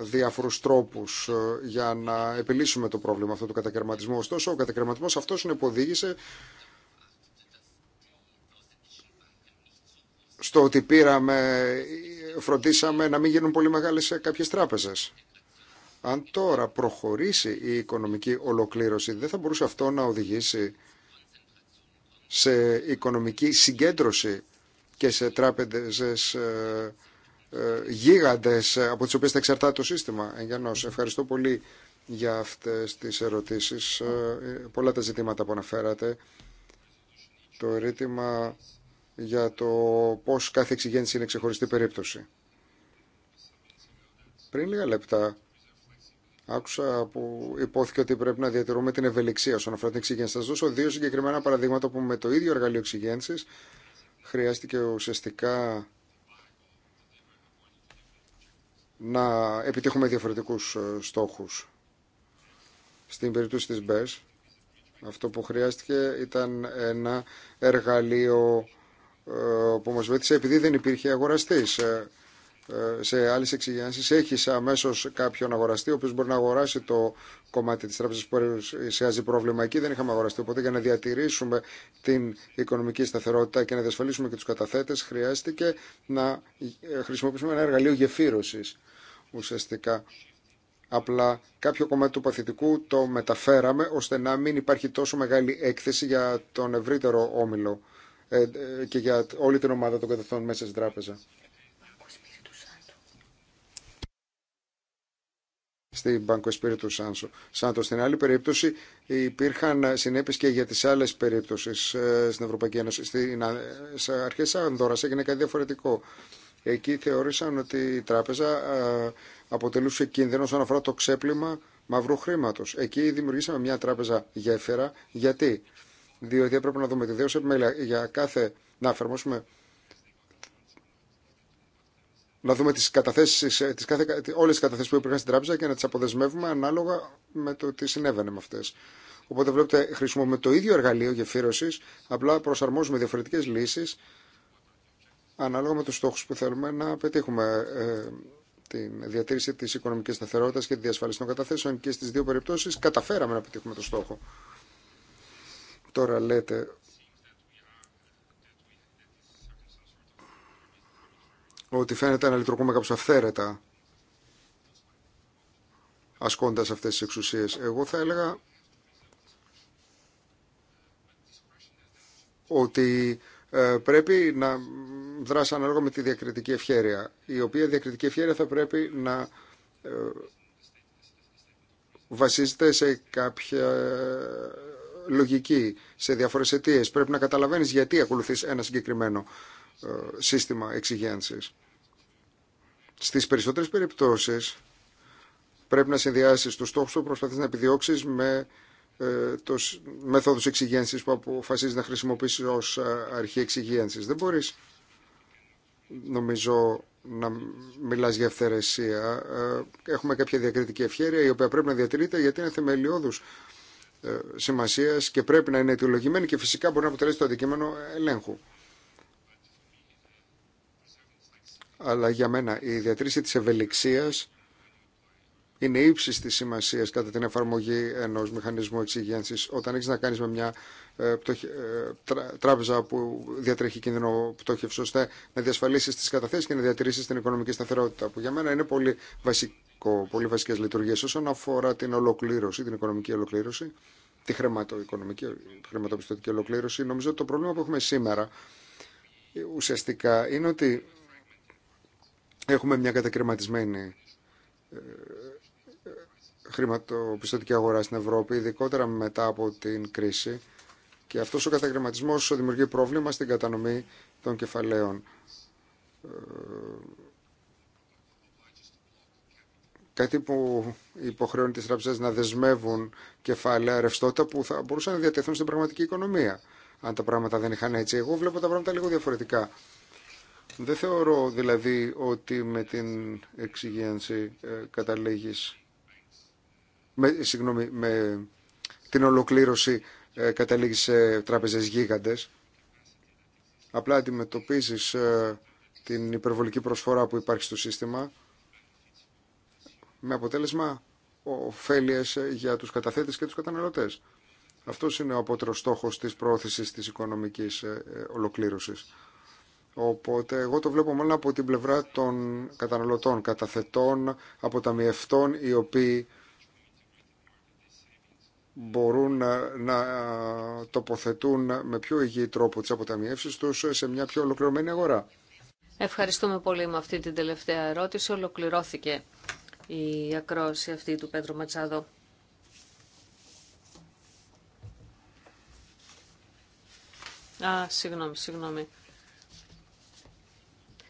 διάφορους τρόπους για να επιλύσουμε το πρόβλημα αυτό του κατακαιρματισμού. Ωστόσο, ο κατακαιρματισμός αυτός είναι που οδήγησε στο ότι πήραμε, φροντίσαμε να μην γίνουν πολύ μεγάλες σε κάποιες τράπεζες. Αν τώρα προχωρήσει η οικονομική ολοκλήρωση, δεν θα μπορούσε αυτό να οδηγήσει σε οικονομική συγκέντρωση και σε τράπεζες ε, ε, γίγαντες ε, από τις οποίες θα εξαρτάται το σύστημα. Εγγενώς, ευχαριστώ πολύ για αυτές τις ερωτήσεις. Ε, πολλά τα ζητήματα που αναφέρατε. Το ερώτημα για το πώς κάθε εξηγένση είναι ξεχωριστή περίπτωση. Πριν λίγα λεπτά άκουσα που υπόθηκε ότι πρέπει να διατηρούμε την ευελιξία όσον αφορά την εξηγένση. Θα σας δώσω δύο συγκεκριμένα παραδείγματα που με το ίδιο εργαλείο εξηγένσης χρειάστηκε ουσιαστικά να επιτύχουμε διαφορετικούς ε, στόχους. Στην περίπτωση της ΜΠΕΣ, αυτό που χρειάστηκε ήταν ένα εργαλείο ε, που μας βοήθησε επειδή δεν υπήρχε αγοραστής. Ε, σε άλλε εξηγιάνσεις έχει αμέσω κάποιον αγοραστή, ο οποίο μπορεί να αγοράσει το κομμάτι τη τράπεζα που παρουσιάζει πρόβλημα. Εκεί δεν είχαμε αγοραστεί. Οπότε για να διατηρήσουμε την οικονομική σταθερότητα και να διασφαλίσουμε και του καταθέτε, χρειάστηκε να χρησιμοποιήσουμε ένα εργαλείο γεφύρωση ουσιαστικά. Απλά κάποιο κομμάτι του παθητικού το μεταφέραμε ώστε να μην υπάρχει τόσο μεγάλη έκθεση για τον ευρύτερο όμιλο ε, ε, και για όλη την ομάδα των καταθών μέσα στην τράπεζα. Στην Banco Espiritu Santo. Στην άλλη περίπτωση υπήρχαν συνέπειε και για τι άλλε περιπτώσει ε, στην Ευρωπαϊκή Ένωση. αρχή, αρχέ Ανδόρα έγινε κάτι διαφορετικό. Εκεί θεώρησαν ότι η τράπεζα αποτελούσε κίνδυνο όσον αφορά το ξέπλυμα μαύρου χρήματο. Εκεί δημιουργήσαμε μια τράπεζα γέφυρα. Γιατί? Διότι έπρεπε να δούμε τη δέωση επιμέλεια για κάθε. να εφαρμόσουμε. να δούμε τις καταθέσεις, τις κάθε, όλες τις καταθέσεις που υπήρχαν στην τράπεζα και να τις αποδεσμεύουμε ανάλογα με το τι συνέβαινε με αυτές. Οπότε βλέπετε χρησιμοποιούμε το ίδιο εργαλείο γεφύρωσης, απλά προσαρμόζουμε διαφορετικές λύσεις ανάλογα με τους στόχους που θέλουμε να πετύχουμε ε, τη διατήρηση της οικονομικής σταθερότητας και τη διασφάλιση των καταθέσεων και στις δύο περιπτώσεις καταφέραμε να πετύχουμε το στόχο. Τώρα λέτε ότι φαίνεται να λειτουργούμε κάπως αυθαίρετα ασκώντας αυτές τις εξουσίες. Εγώ θα έλεγα ότι ε, πρέπει να δράση ανάλογα με τη διακριτική ευχέρεια, η οποία διακριτική ευχέρεια θα πρέπει να ε, βασίζεται σε κάποια ε, λογική, σε διάφορες αιτίε. Πρέπει να καταλαβαίνεις γιατί ακολουθείς ένα συγκεκριμένο ε, σύστημα εξυγένσης. Στις περισσότερες περιπτώσεις πρέπει να συνδυάσεις τους στόχους που προσπαθείς να επιδιώξεις με το μέθοδος εξυγένσης που αποφασίζει να χρησιμοποιήσεις ως αρχή εξυγένσης. Δεν μπορείς νομίζω να μιλάς για ευθερεσία. Ε, έχουμε κάποια διακριτική ευχαίρεια η οποία πρέπει να διατηρείται γιατί είναι θεμελιώδους ε, σημασία και πρέπει να είναι αιτιολογημένη και φυσικά μπορεί να αποτελέσει το αντικείμενο ελέγχου. Αλλά για μένα η διατήρηση της ευελιξίας είναι ύψη τη σημασία κατά την εφαρμογή ενό μηχανισμού εξυγένση. Όταν έχει να κάνει με μια ε, ε, τράπεζα που διατρέχει κίνδυνο πτώχευση, ώστε να διασφαλίσει τι καταθέσει και να διατηρήσει την οικονομική σταθερότητα, που για μένα είναι πολύ βασικό, πολύ βασικέ λειτουργίε όσον αφορά την ολοκλήρωση, την οικονομική ολοκλήρωση, τη χρηματοοικονομική, χρηματοπιστωτική ολοκλήρωση. Νομίζω ότι το πρόβλημα που έχουμε σήμερα ε, ουσιαστικά είναι ότι έχουμε μια κατακριματισμένη χρηματοπιστωτική αγορά στην Ευρώπη, ειδικότερα μετά από την κρίση. Και αυτός ο καταγραμματισμός δημιουργεί πρόβλημα στην κατανομή των κεφαλαίων. Ε, κάτι που υποχρεώνει τις τράπεζες να δεσμεύουν κεφάλαια ρευστότητα που θα μπορούσαν να διατεθούν στην πραγματική οικονομία. Αν τα πράγματα δεν είχαν έτσι. Εγώ βλέπω τα πράγματα λίγο διαφορετικά. Δεν θεωρώ δηλαδή ότι με την εξυγίανση ε, με, συγγνώμη, με την ολοκλήρωση ε, καταλήγει σε τράπεζες γίγαντες. Απλά αντιμετωπίζει ε, την υπερβολική προσφορά που υπάρχει στο σύστημα με αποτέλεσμα ωφέλειες ε, για τους καταθέτες και τους καταναλωτές. Αυτό είναι ο απότερος στόχος της πρόθεσης της οικονομικής ε, ολοκλήρωσης. Οπότε εγώ το βλέπω μόνο από την πλευρά των καταναλωτών, καταθετών, αποταμιευτών οι οποίοι μπορούν να τοποθετούν με πιο υγιή τρόπο τις αποταμιεύσεις του σε μια πιο ολοκληρωμένη αγορά. Ευχαριστούμε πολύ με αυτή την τελευταία ερώτηση. Ολοκληρώθηκε η ακρόση αυτή του Πέτρου Ματσάδο. Α, συγγνώμη, συγγνώμη.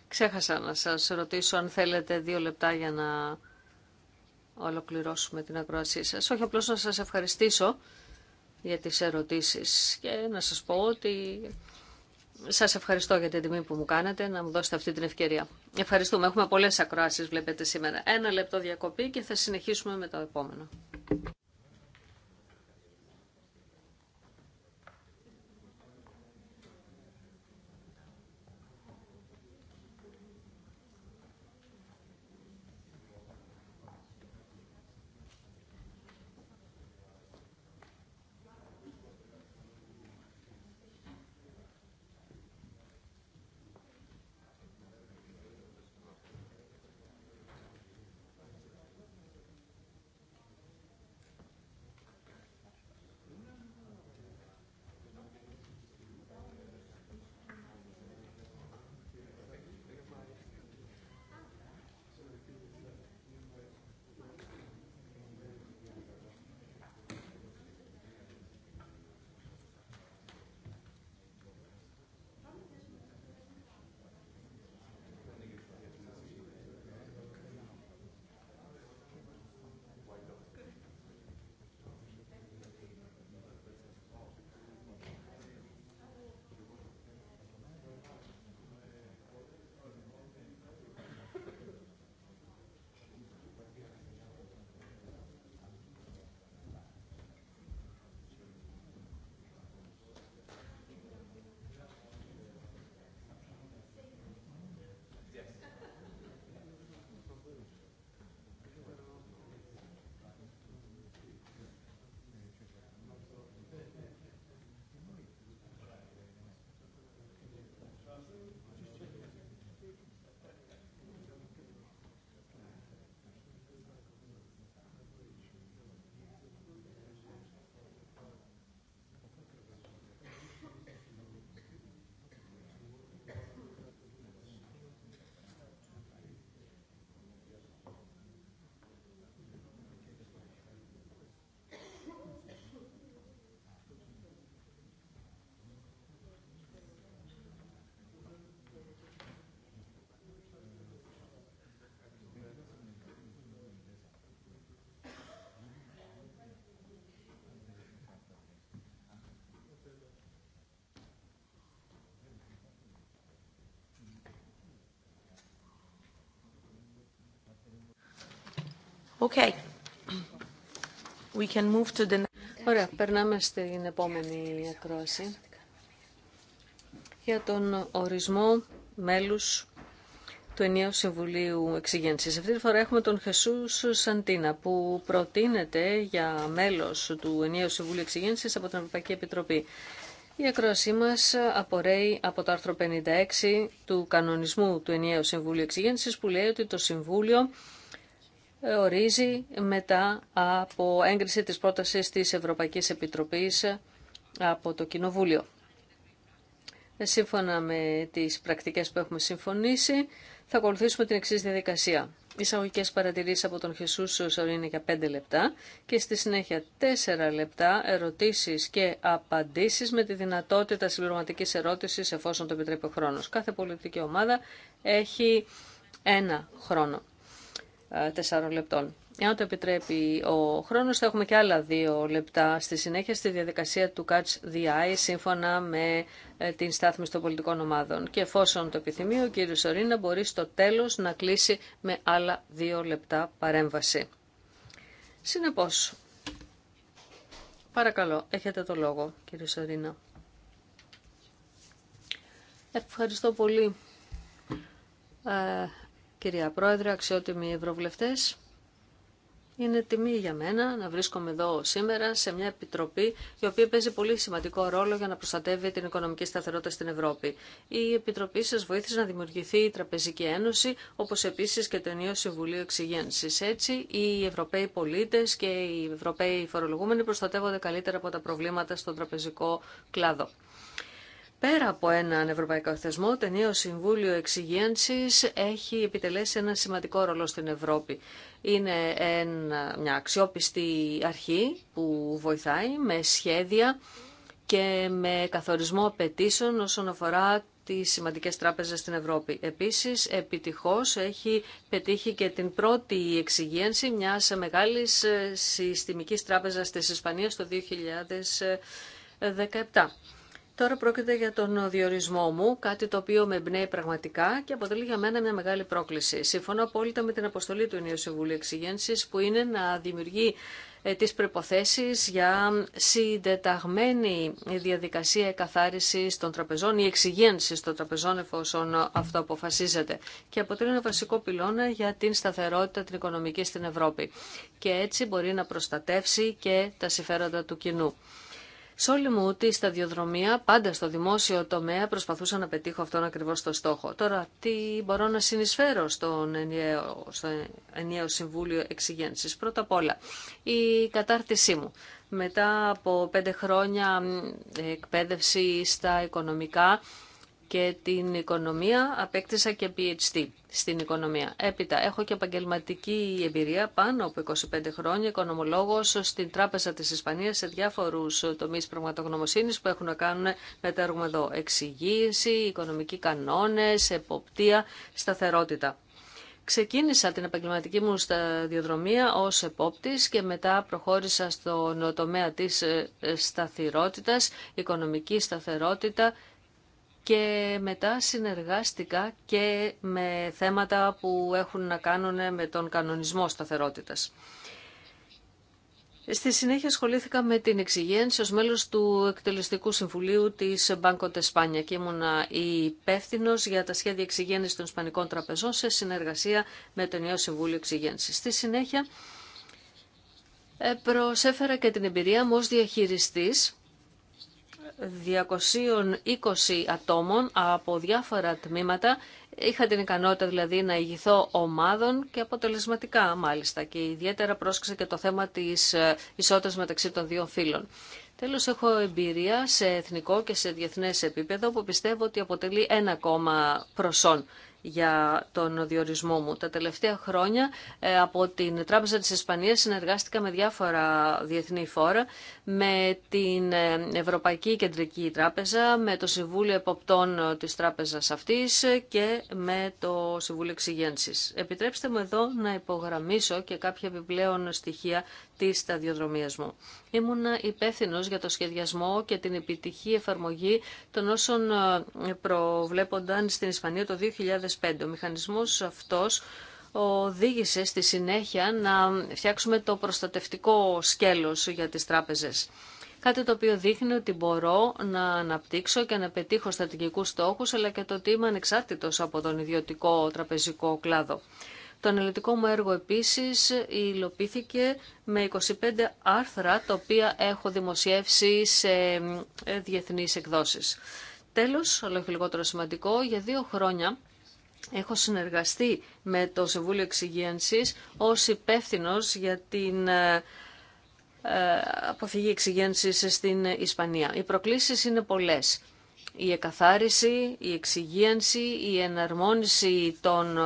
Ξέχασα να σας ρωτήσω αν θέλετε δύο λεπτά για να ολοκληρώσουμε την ακρόασή σας. Όχι απλώς να σας ευχαριστήσω για τις ερωτήσεις και να σας πω ότι σας ευχαριστώ για την τιμή που μου κάνετε να μου δώσετε αυτή την ευκαιρία. Ευχαριστούμε. Έχουμε πολλές ακροάσεις βλέπετε σήμερα. Ένα λεπτό διακοπή και θα συνεχίσουμε με το επόμενο. Ωραία, περνάμε στην επόμενη ακρόαση για τον ορισμό μέλους του Ενιαίου Συμβουλίου Εξηγένσης. Αυτή τη φορά έχουμε τον Χεσούς Σαντίνα που προτείνεται για μέλος του Ενιαίου Συμβουλίου Εξηγένσης από την Ευρωπαϊκή Επιτροπή. Η ακρόασή μας απορρέει από το άρθρο 56 του κανονισμού του Ενιαίου Συμβουλίου Εξηγένσης που λέει ότι το Συμβούλιο ορίζει μετά από έγκριση της πρότασης της Ευρωπαϊκής Επιτροπής από το Κοινοβούλιο. Σύμφωνα με τις πρακτικές που έχουμε συμφωνήσει, θα ακολουθήσουμε την εξής διαδικασία. Εισαγωγικέ παρατηρήσει από τον Χεσού είναι για 5 λεπτά και στη συνέχεια 4 λεπτά ερωτήσει και απαντήσει με τη δυνατότητα συμπληρωματική ερώτηση εφόσον το επιτρέπει ο χρόνο. Κάθε πολιτική ομάδα έχει ένα χρόνο. Ε, τεσσάρων λεπτών. Εάν το επιτρέπει ο χρόνος, θα έχουμε και άλλα δύο λεπτά στη συνέχεια στη διαδικασία του Catch the Eye, σύμφωνα με ε, την στάθμιση των πολιτικών ομάδων. Και εφόσον το επιθυμεί, ο κύριος Σωρίνα μπορεί στο τέλος να κλείσει με άλλα δύο λεπτά παρέμβαση. Συνεπώς, παρακαλώ, έχετε το λόγο, κύριε Σωρίνα. Ευχαριστώ πολύ. Ε, Κυρία Πρόεδρε, αξιότιμοι ευρωβουλευτές, είναι τιμή για μένα να βρίσκομαι εδώ σήμερα σε μια επιτροπή η οποία παίζει πολύ σημαντικό ρόλο για να προστατεύει την οικονομική σταθερότητα στην Ευρώπη. Η επιτροπή σα βοήθησε να δημιουργηθεί η Τραπεζική Ένωση, όπω επίση και το ενίο Συμβουλίο εξηγένση Έτσι, οι Ευρωπαίοι πολίτε και οι Ευρωπαίοι φορολογούμενοι προστατεύονται καλύτερα από τα προβλήματα στον τραπεζικό κλάδο. Πέρα από έναν ευρωπαϊκό θεσμό, το νέο Συμβούλιο Εξυγίανση έχει επιτελέσει ένα σημαντικό ρόλο στην Ευρώπη. Είναι μια αξιόπιστη αρχή που βοηθάει με σχέδια και με καθορισμό απαιτήσεων όσον αφορά τις σημαντικές τράπεζες στην Ευρώπη. Επίσης, επιτυχώς έχει πετύχει και την πρώτη εξυγίανση μιας μεγάλης ε, συστημικής τράπεζας της Ισπανίας το 2017. Τώρα πρόκειται για τον διορισμό μου, κάτι το οποίο με εμπνέει πραγματικά και αποτελεί για μένα μια μεγάλη πρόκληση. Συμφωνώ απόλυτα με την αποστολή του Ενίου Συμβουλίου που είναι να δημιουργεί ε, τι προποθέσει για συντεταγμένη διαδικασία εκαθάριση των τραπεζών ή εξηγένση των τραπεζών, εφόσον αυτό αποφασίζεται. Και αποτελεί ένα βασικό πυλώνα για την σταθερότητα την οικονομική στην Ευρώπη. Και έτσι μπορεί να προστατεύσει και τα συμφέροντα του κοινού. Σε όλη μου τη σταδιοδρομία, πάντα στο δημόσιο τομέα, προσπαθούσα να πετύχω αυτόν ακριβώς το στόχο. Τώρα, τι μπορώ να συνεισφέρω στον ενιαίο, στο ενιαίο Συμβούλιο Εξηγένσης. Πρώτα απ' όλα, η κατάρτισή μου. Μετά από πέντε χρόνια εκπαίδευση στα οικονομικά, και την οικονομία, απέκτησα και PhD στην οικονομία. Έπειτα, έχω και επαγγελματική εμπειρία πάνω από 25 χρόνια, οικονομολόγος στην Τράπεζα της Ισπανίας σε διάφορους τομείς πραγματογνωμοσύνης που έχουν να κάνουν με τα εδώ Εξηγήση, οικονομικοί κανόνες, εποπτεία, σταθερότητα. Ξεκίνησα την επαγγελματική μου σταδιοδρομία ως επόπτης και μετά προχώρησα στον τομέα της ε, σταθερότητας, οικονομική σταθερότητα και μετά συνεργάστηκα και με θέματα που έχουν να κάνουν με τον κανονισμό σταθερότητας. Στη συνέχεια ασχολήθηκα με την εξυγένση ως μέλος του Εκτελεστικού Συμβουλίου της Banco de España και ήμουνα υπεύθυνο για τα σχέδια εξυγένσης των Ισπανικών Τραπεζών σε συνεργασία με το Νέο Συμβούλιο Εξυγένσης. Στη συνέχεια ε, προσέφερα και την εμπειρία μου ως διαχειριστής 220 ατόμων από διάφορα τμήματα. Είχα την ικανότητα δηλαδή να ηγηθώ ομάδων και αποτελεσματικά μάλιστα και ιδιαίτερα πρόσκεισα και το θέμα της ε, ισότητας μεταξύ των δύο φύλων. Τέλος έχω εμπειρία σε εθνικό και σε διεθνές επίπεδο που πιστεύω ότι αποτελεί ένα κόμμα προσόν για τον διορισμό μου. Τα τελευταία χρόνια ε, από την Τράπεζα της Ισπανίας συνεργάστηκα με διάφορα διεθνή φόρα, με την ε, Ευρωπαϊκή Κεντρική Τράπεζα, με το Συμβούλιο Εποπτών ε, της Τράπεζας αυτής και με το Συμβούλιο Εξηγένσης. Επιτρέψτε μου εδώ να υπογραμμίσω και κάποια επιπλέον στοιχεία της σταδιοδρομίας μου. Ήμουν υπεύθυνο για το σχεδιασμό και την επιτυχή εφαρμογή των όσων προβλέπονταν στην Ισπανία το 2000 2005. Ο μηχανισμός αυτός οδήγησε στη συνέχεια να φτιάξουμε το προστατευτικό σκέλος για τις τράπεζες. Κάτι το οποίο δείχνει ότι μπορώ να αναπτύξω και να πετύχω στατικικούς στόχους, αλλά και το ότι είμαι ανεξάρτητος από τον ιδιωτικό τραπεζικό κλάδο. Το αναλυτικό μου έργο επίσης υλοποιήθηκε με 25 άρθρα, τα οποία έχω δημοσιεύσει σε ε, διεθνείς εκδόσεις. Τέλος, αλλά όχι λιγότερο σημαντικό, για δύο χρόνια Έχω συνεργαστεί με το Συμβούλιο Εξυγένσης ως υπεύθυνο για την ε, ε, αποφυγή εξυγένσης στην Ισπανία. Οι προκλήσεις είναι πολλές. Η εκαθάριση, η εξυγίανση, η εναρμόνιση των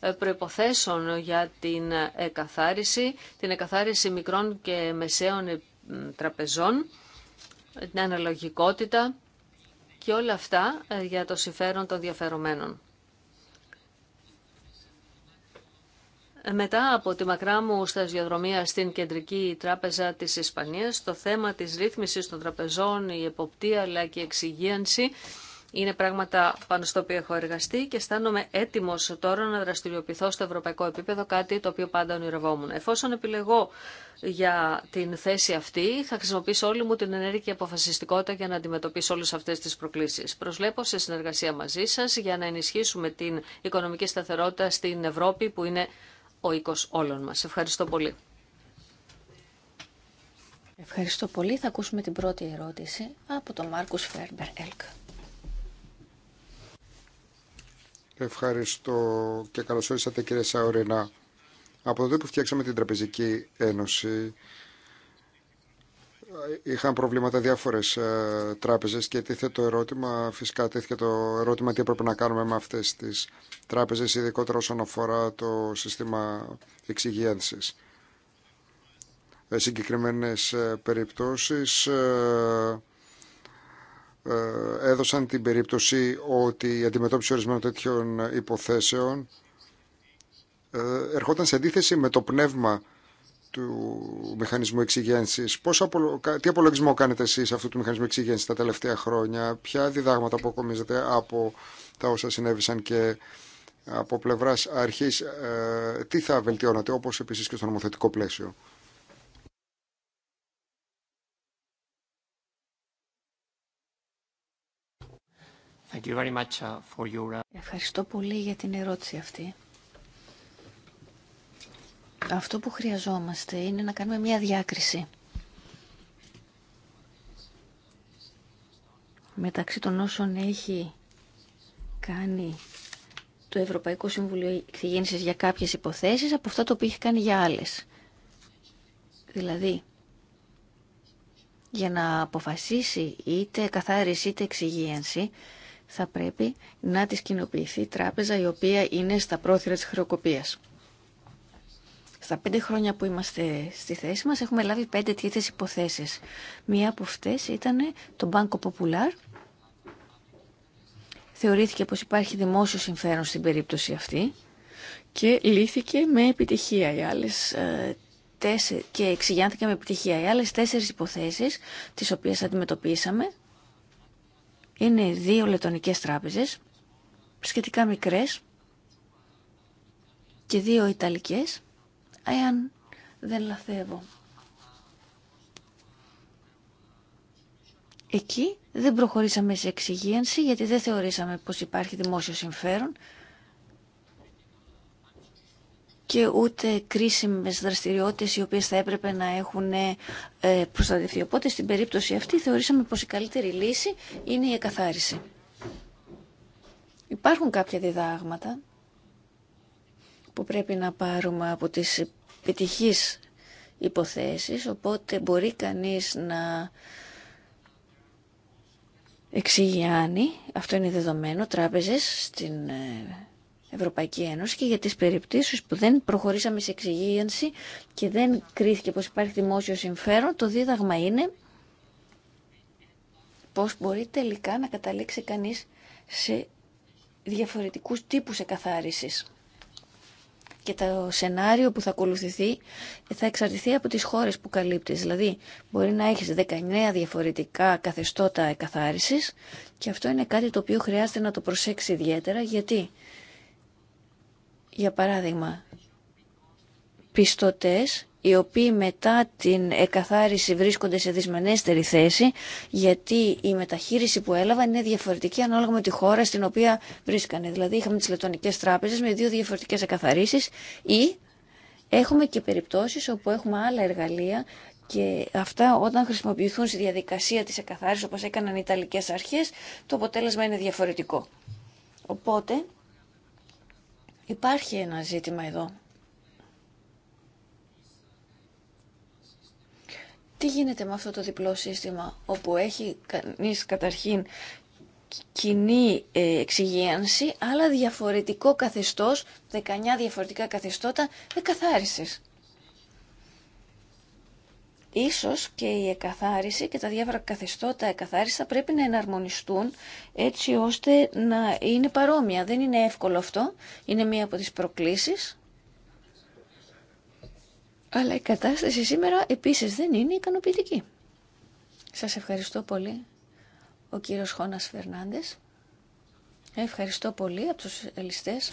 ε, προϋποθέσεων για την εκαθάριση, την εκαθάριση μικρών και μεσαίων τραπεζών, την αναλογικότητα και όλα αυτά για το συμφέρον των διαφερομένων. Μετά από τη μακρά μου σταζιοδρομία στην Κεντρική Τράπεζα της Ισπανίας, το θέμα της ρύθμισης των τραπεζών, η εποπτεία αλλά και η εξυγίανση είναι πράγματα πάνω στο οποίο έχω εργαστεί και αισθάνομαι έτοιμο τώρα να δραστηριοποιηθώ στο ευρωπαϊκό επίπεδο, κάτι το οποίο πάντα ονειρευόμουν. Εφόσον επιλεγώ για την θέση αυτή, θα χρησιμοποιήσω όλη μου την ενέργεια και αποφασιστικότητα για να αντιμετωπίσω όλε αυτέ τι προκλήσει. Προσλέπω σε συνεργασία μαζί σα για να ενισχύσουμε την οικονομική σταθερότητα στην Ευρώπη, που είναι ο οίκος όλων μας. Ευχαριστώ πολύ. Ευχαριστώ πολύ. Θα ακούσουμε την πρώτη ερώτηση από τον Μάρκους Φέρμπερ Ελκ. Ευχαριστώ και καλώς όρισατε κύριε Σαωρινά. Από τότε που φτιάξαμε την Τραπεζική Ένωση είχαν προβλήματα διάφορες ε, τράπεζες και τίθε το ερώτημα, φυσικά και το ερώτημα τι έπρεπε να κάνουμε με αυτές τις τράπεζες, ειδικότερα όσον αφορά το σύστημα εξυγίανση. Ε, συγκεκριμένες ε, περιπτώσεις ε, έδωσαν την περίπτωση ότι η αντιμετώπιση ορισμένων τέτοιων υποθέσεων ερχόταν σε αντίθεση με το πνεύμα του μηχανισμού εξυγένση. Τι απολογισμό κάνετε εσεί αυτού του μηχανισμού εξυγένση τα τελευταία χρόνια, ποια διδάγματα αποκομίζετε από τα όσα συνέβησαν και από πλευράς αρχής, ε, τι θα βελτιώνατε, όπως επίση και στο νομοθετικό πλαίσιο. Uh, uh, Ευχαριστώ πολύ για την ερώτηση αυτή. Αυτό που χρειαζόμαστε είναι να κάνουμε μια διάκριση μεταξύ των όσων έχει κάνει το Ευρωπαϊκό Συμβουλίο Εξηγήνησης για κάποιες υποθέσεις από αυτά το οποίο έχει κάνει για άλλες. Δηλαδή, για να αποφασίσει είτε καθάριση είτε εξυγίανση, θα πρέπει να της κοινοποιηθεί τράπεζα η οποία είναι στα πρόθυρα της χρεοκοπίας στα πέντε χρόνια που είμαστε στη θέση μας έχουμε λάβει πέντε τέτοιες υποθέσεις. Μία από αυτές ήταν το Banco Popular. Θεωρήθηκε πως υπάρχει δημόσιο συμφέρον στην περίπτωση αυτή και λύθηκε με επιτυχία. Οι άλλες ε, και εξηγιάνθηκε με επιτυχία. Οι άλλες τέσσερις υποθέσεις τις οποίες αντιμετωπίσαμε είναι δύο λετωνικές τράπεζες, σχετικά μικρές και δύο ιταλικές εάν δεν λαθεύω. Εκεί δεν προχωρήσαμε σε εξυγίανση γιατί δεν θεωρήσαμε πως υπάρχει δημόσιο συμφέρον και ούτε κρίσιμες δραστηριότητες οι οποίες θα έπρεπε να έχουν ε, προστατευτεί. Οπότε στην περίπτωση αυτή θεωρήσαμε πως η καλύτερη λύση είναι η εκαθάριση. Υπάρχουν κάποια διδάγματα που πρέπει να πάρουμε από τις επιτυχής υποθέσεις, οπότε μπορεί κανείς να εξηγιάνει, αυτό είναι δεδομένο, τράπεζες στην ε, Ευρωπαϊκή Ένωση και για τις περιπτώσεις που δεν προχωρήσαμε σε εξηγίανση και δεν κρίθηκε πως υπάρχει δημόσιο συμφέρον, το δίδαγμα είναι πως μπορεί τελικά να καταλήξει κανείς σε διαφορετικούς τύπους εκαθάρισης και το σενάριο που θα ακολουθηθεί θα εξαρτηθεί από τις χώρες που καλύπτεις. Δηλαδή, μπορεί να έχεις 19 διαφορετικά καθεστώτα εκαθάρισης και αυτό είναι κάτι το οποίο χρειάζεται να το προσέξει ιδιαίτερα γιατί, για παράδειγμα, πιστωτές οι οποίοι μετά την εκαθάριση βρίσκονται σε δυσμενέστερη θέση γιατί η μεταχείριση που έλαβαν είναι διαφορετική ανάλογα με τη χώρα στην οποία βρίσκανε. Δηλαδή είχαμε τις λετωνικές τράπεζες με δύο διαφορετικές εκαθαρίσεις ή έχουμε και περιπτώσεις όπου έχουμε άλλα εργαλεία και αυτά όταν χρησιμοποιηθούν στη διαδικασία της εκαθάρισης όπως έκαναν οι Ιταλικές αρχές το αποτέλεσμα είναι διαφορετικό. Οπότε υπάρχει ένα ζήτημα εδώ. Τι γίνεται με αυτό το διπλό σύστημα όπου έχει κανείς καταρχήν κοινή ε, εξυγίανση αλλά διαφορετικό καθεστώς, 19 διαφορετικά καθεστώτα εκαθάρισης. Ίσως και η εκαθάριση και τα διάφορα καθεστώτα θα πρέπει να εναρμονιστούν έτσι ώστε να είναι παρόμοια. Δεν είναι εύκολο αυτό, είναι μία από τις προκλήσεις αλλά η κατάσταση σήμερα επίσης δεν είναι ικανοποιητική. Σας ευχαριστώ πολύ ο κύριος Χώνας Φερνάντες. Ευχαριστώ πολύ από τους ελιστές.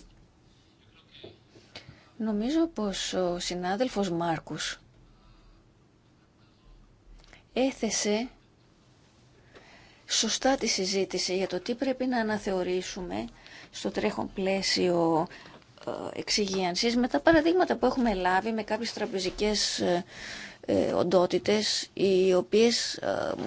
Νομίζω πως ο συνάδελφος Μάρκους έθεσε σωστά τη συζήτηση για το τι πρέπει να αναθεωρήσουμε στο τρέχον πλαίσιο ε, εξυγίανσης με τα παραδείγματα που έχουμε λάβει με κάποιες τραπεζικές ε, ε, οντότητες οι οποίες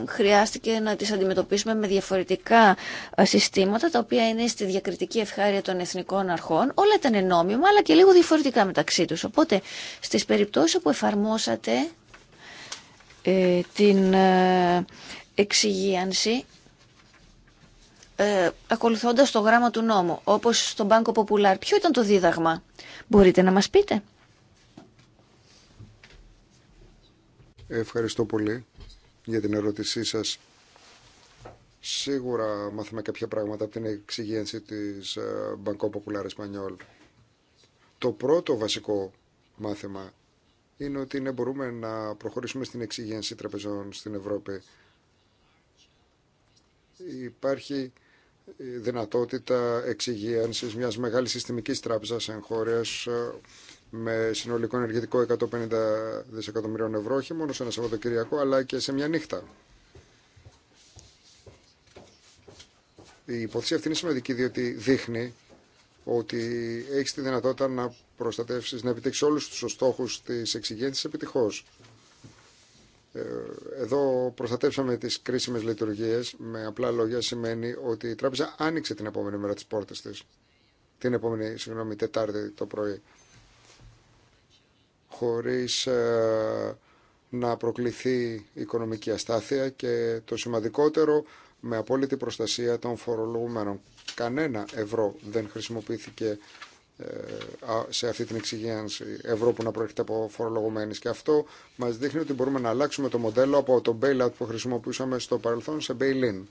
χρειάστηκε να τις αντιμετωπίσουμε με διαφορετικά συστήματα τα οποία είναι στη διακριτική ευχάρεια των εθνικών αρχών όλα ήταν νόμιμα αλλά και λίγο διαφορετικά μεταξύ τους οπότε στις περιπτώσεις που εφαρμόσατε την εξυγίανση ε, ακολουθώντας το γράμμα του νόμου, όπως στον Banco Popular. Ποιο ήταν το δίδαγμα, μπορείτε να μας πείτε. Ευχαριστώ πολύ για την ερώτησή σας. Σίγουρα μάθαμε κάποια πράγματα από την εξυγίανση της ε, Banco Popular Español. Το πρώτο βασικό μάθημα είναι ότι ναι, μπορούμε να προχωρήσουμε στην εξηγένση τραπεζών στην Ευρώπη. Υπάρχει δυνατότητα εξυγίανσης μιας μεγάλης συστημικής τράπεζας εγχώριας ε, με συνολικό ενεργητικό 150 δισεκατομμυρίων ευρώ, όχι μόνο σε ένα Σαββατοκυριακό, αλλά και σε μια νύχτα. Η υπόθεση αυτή είναι σημαντική διότι δείχνει ότι έχει τη δυνατότητα να προστατεύσει, να επιτύχει όλου του στόχου τη εξυγέννηση επιτυχώ. Ε, εδώ προστατεύσαμε τις κρίσιμες λειτουργίες. Με απλά λόγια σημαίνει ότι η τράπεζα άνοιξε την επόμενη μέρα τις πόρτες της. Την επόμενη, συγγνώμη, Τετάρτη το πρωί. Χωρίς ε, να προκληθεί οικονομική αστάθεια και το σημαντικότερο με απόλυτη προστασία των φορολογουμένων. Κανένα ευρώ δεν χρησιμοποιήθηκε ε, σε αυτή την εξυγίανση ευρώ που να προέρχεται από φορολογουμένη. Και αυτό μα δείχνει ότι μπορούμε να αλλάξουμε το μοντέλο από το bailout που χρησιμοποιούσαμε στο παρελθόν σε bail-in.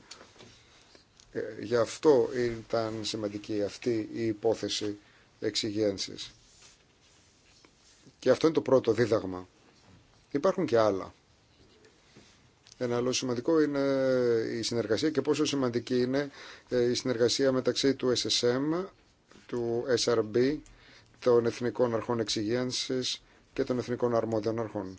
Ε, γι' αυτό ήταν σημαντική αυτή η υπόθεση εξυγένσης. Και αυτό είναι το πρώτο δίδαγμα. Υπάρχουν και άλλα. Ένα άλλο σημαντικό είναι η συνεργασία και πόσο σημαντική είναι ε, η συνεργασία μεταξύ του SSM του SRB, των Εθνικών Αρχών Εξυγένσης και των Εθνικών Αρμόδιων Αρχών.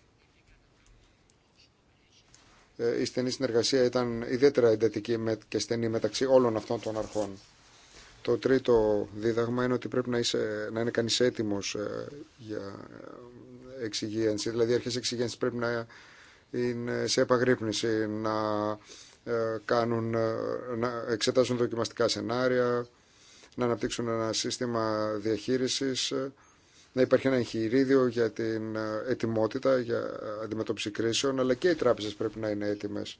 Ε, η στενή συνεργασία ήταν ιδιαίτερα εντατική και στενή μεταξύ όλων αυτών των αρχών. Το τρίτο δίδαγμα είναι ότι πρέπει να, να είναι κανείς έτοιμος ε, για ε, εξυγίανση. Δηλαδή, οι αρχές εξυγίανσης πρέπει να είναι σε επαγρύπνηση, να, κάνουν, να εξετάζουν δοκιμαστικά σενάρια, να αναπτύξουν ένα σύστημα διαχείρισης, να υπάρχει ένα εγχειρίδιο για την ετοιμότητα, για αντιμετώπιση κρίσεων, αλλά και οι τράπεζες πρέπει να είναι έτοιμες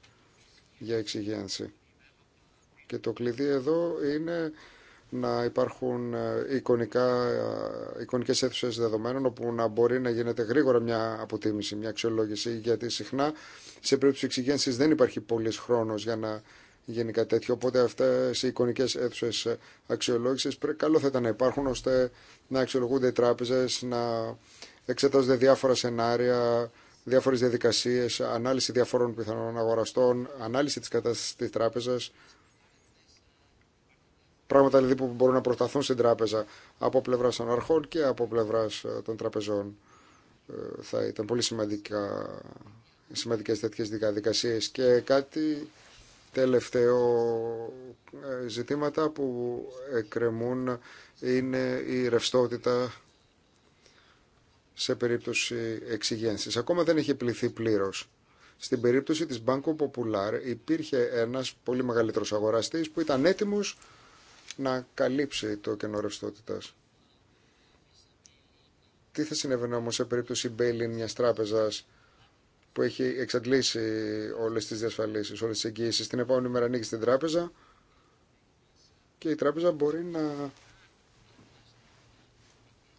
για εξυγένση. Και το κλειδί εδώ είναι να υπάρχουν εικονικά, εικονικές αίθουσες δεδομένων όπου να μπορεί να γίνεται γρήγορα μια αποτίμηση, μια αξιολόγηση γιατί συχνά σε περίπτωση εξυγένσης δεν υπάρχει πολλής χρόνος για να γενικά τέτοιο. Οπότε αυτέ οι εικονικέ αίθουσε αξιολόγηση καλό θα ήταν να υπάρχουν ώστε να αξιολογούνται οι τράπεζε, να εξετάζονται διάφορα σενάρια, διάφορε διαδικασίε, ανάλυση διαφόρων πιθανών αγοραστών, ανάλυση τη κατάσταση τη τράπεζα. Πράγματα δηλαδή που μπορούν να προσταθούν στην τράπεζα από πλευρά των αρχών και από πλευρά ε, των τραπεζών. Ε, θα ήταν πολύ σημαντικά σημαντικές τέτοιες διαδικασίες και κάτι τελευταίο ε, ζητήματα που εκκρεμούν είναι η ρευστότητα σε περίπτωση εξυγένσης. Ακόμα δεν έχει πληθεί πλήρως. Στην περίπτωση της Banco Popular υπήρχε ένας πολύ μεγαλύτερος αγοραστής που ήταν έτοιμος να καλύψει το κενό ρευστότητας. Τι θα συνέβαινε όμως σε περίπτωση bail-in μιας τράπεζας που έχει εξαντλήσει όλες τις διασφαλίσεις, όλες τις εγγύησεις. Την επόμενη μέρα ανοίγει στην τράπεζα και η τράπεζα μπορεί να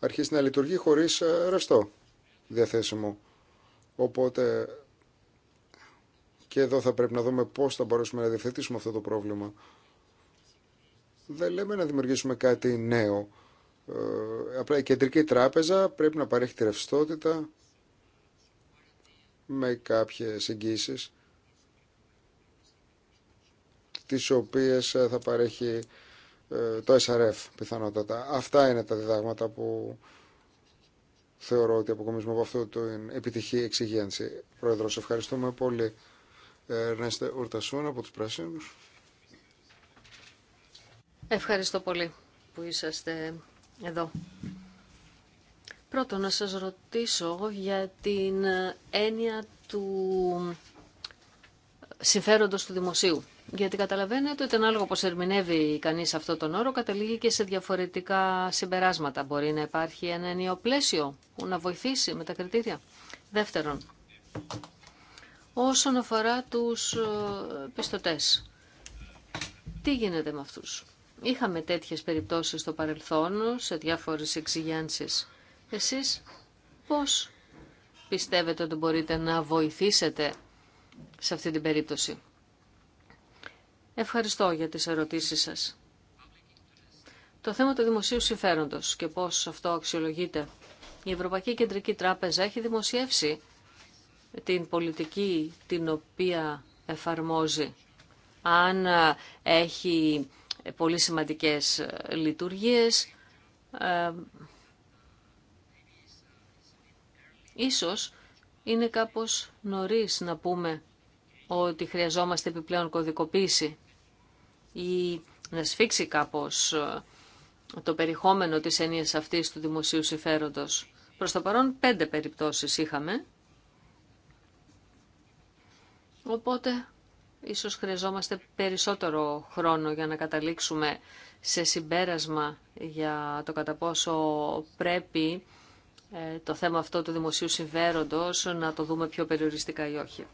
αρχίσει να λειτουργεί χωρίς ε, ρευστό διαθέσιμο. Οπότε και εδώ θα πρέπει να δούμε πώς θα μπορέσουμε να διευθετήσουμε αυτό το πρόβλημα. Δεν λέμε να δημιουργήσουμε κάτι νέο. Ε, απλά η κεντρική τράπεζα πρέπει να παρέχει τη ρευστότητα με κάποιες εγγύσεις τις οποίες ε, θα παρέχει ε, το SRF πιθανότατα. Αυτά είναι τα διδάγματα που θεωρώ ότι αποκομίζουμε από αυτό το επιτυχή εξυγένση. Πρόεδρος, ευχαριστούμε πολύ. Ερνέστε Ορτασούν από τους Πράσινους. Ευχαριστώ πολύ που είσαστε εδώ. Πρώτον, να σας ρωτήσω για την έννοια του συμφέροντος του δημοσίου. Γιατί καταλαβαίνετε ότι ανάλογα πως ερμηνεύει κανείς αυτό τον όρο, καταλήγει και σε διαφορετικά συμπεράσματα. Μπορεί να υπάρχει ένα ενίο πλαίσιο που να βοηθήσει με τα κριτήρια. Δεύτερον, όσον αφορά τους ε, πιστωτές, τι γίνεται με αυτούς. Είχαμε τέτοιες περιπτώσεις στο παρελθόν σε διάφορες εξηγιάνσεις. Εσείς πώς πιστεύετε ότι μπορείτε να βοηθήσετε σε αυτή την περίπτωση. Ευχαριστώ για τις ερωτήσεις σας. Το θέμα του δημοσίου συμφέροντος και πώς αυτό αξιολογείται. Η Ευρωπαϊκή Κεντρική Τράπεζα έχει δημοσιεύσει την πολιτική την οποία εφαρμόζει. Αν ε, έχει πολύ σημαντικές ε, λειτουργίες, ε, Ίσως είναι κάπως νωρίς να πούμε ότι χρειαζόμαστε επιπλέον κωδικοποίηση ή να σφίξει κάπως ε, το περιεχόμενο της έννοιας αυτής του δημοσίου συμφέροντος. Προς το παρόν πέντε περιπτώσεις είχαμε, οπότε ίσως χρειαζόμαστε περισσότερο χρόνο για να καταλήξουμε σε συμπέρασμα για το κατά πόσο πρέπει ε, το θέμα αυτό του δημοσίου συμφέροντος να το δούμε πιο περιοριστικά ή όχι.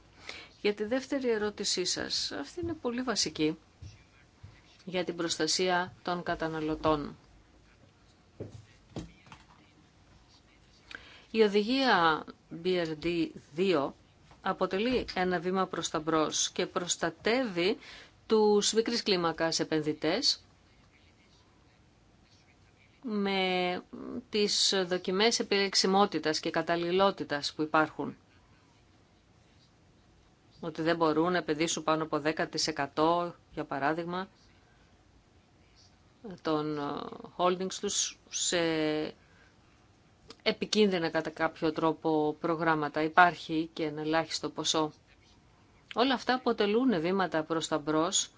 Για τη δεύτερη ερώτησή σας, αυτή είναι πολύ βασική για την προστασία των καταναλωτών. Η οδηγία BRD2 αποτελεί ένα βήμα προς τα μπρος και προστατεύει τους μικρής κλίμακας επενδυτές με τις δοκιμές επιλεξιμότητας και καταλληλότητας που υπάρχουν. Ότι δεν μπορούν να επενδύσουν πάνω από 10% για παράδειγμα των ε, holdings τους σε επικίνδυνα κατά κάποιο τρόπο προγράμματα. Υπάρχει και ένα ελάχιστο ποσό. Όλα αυτά αποτελούν βήματα προς τα μπρος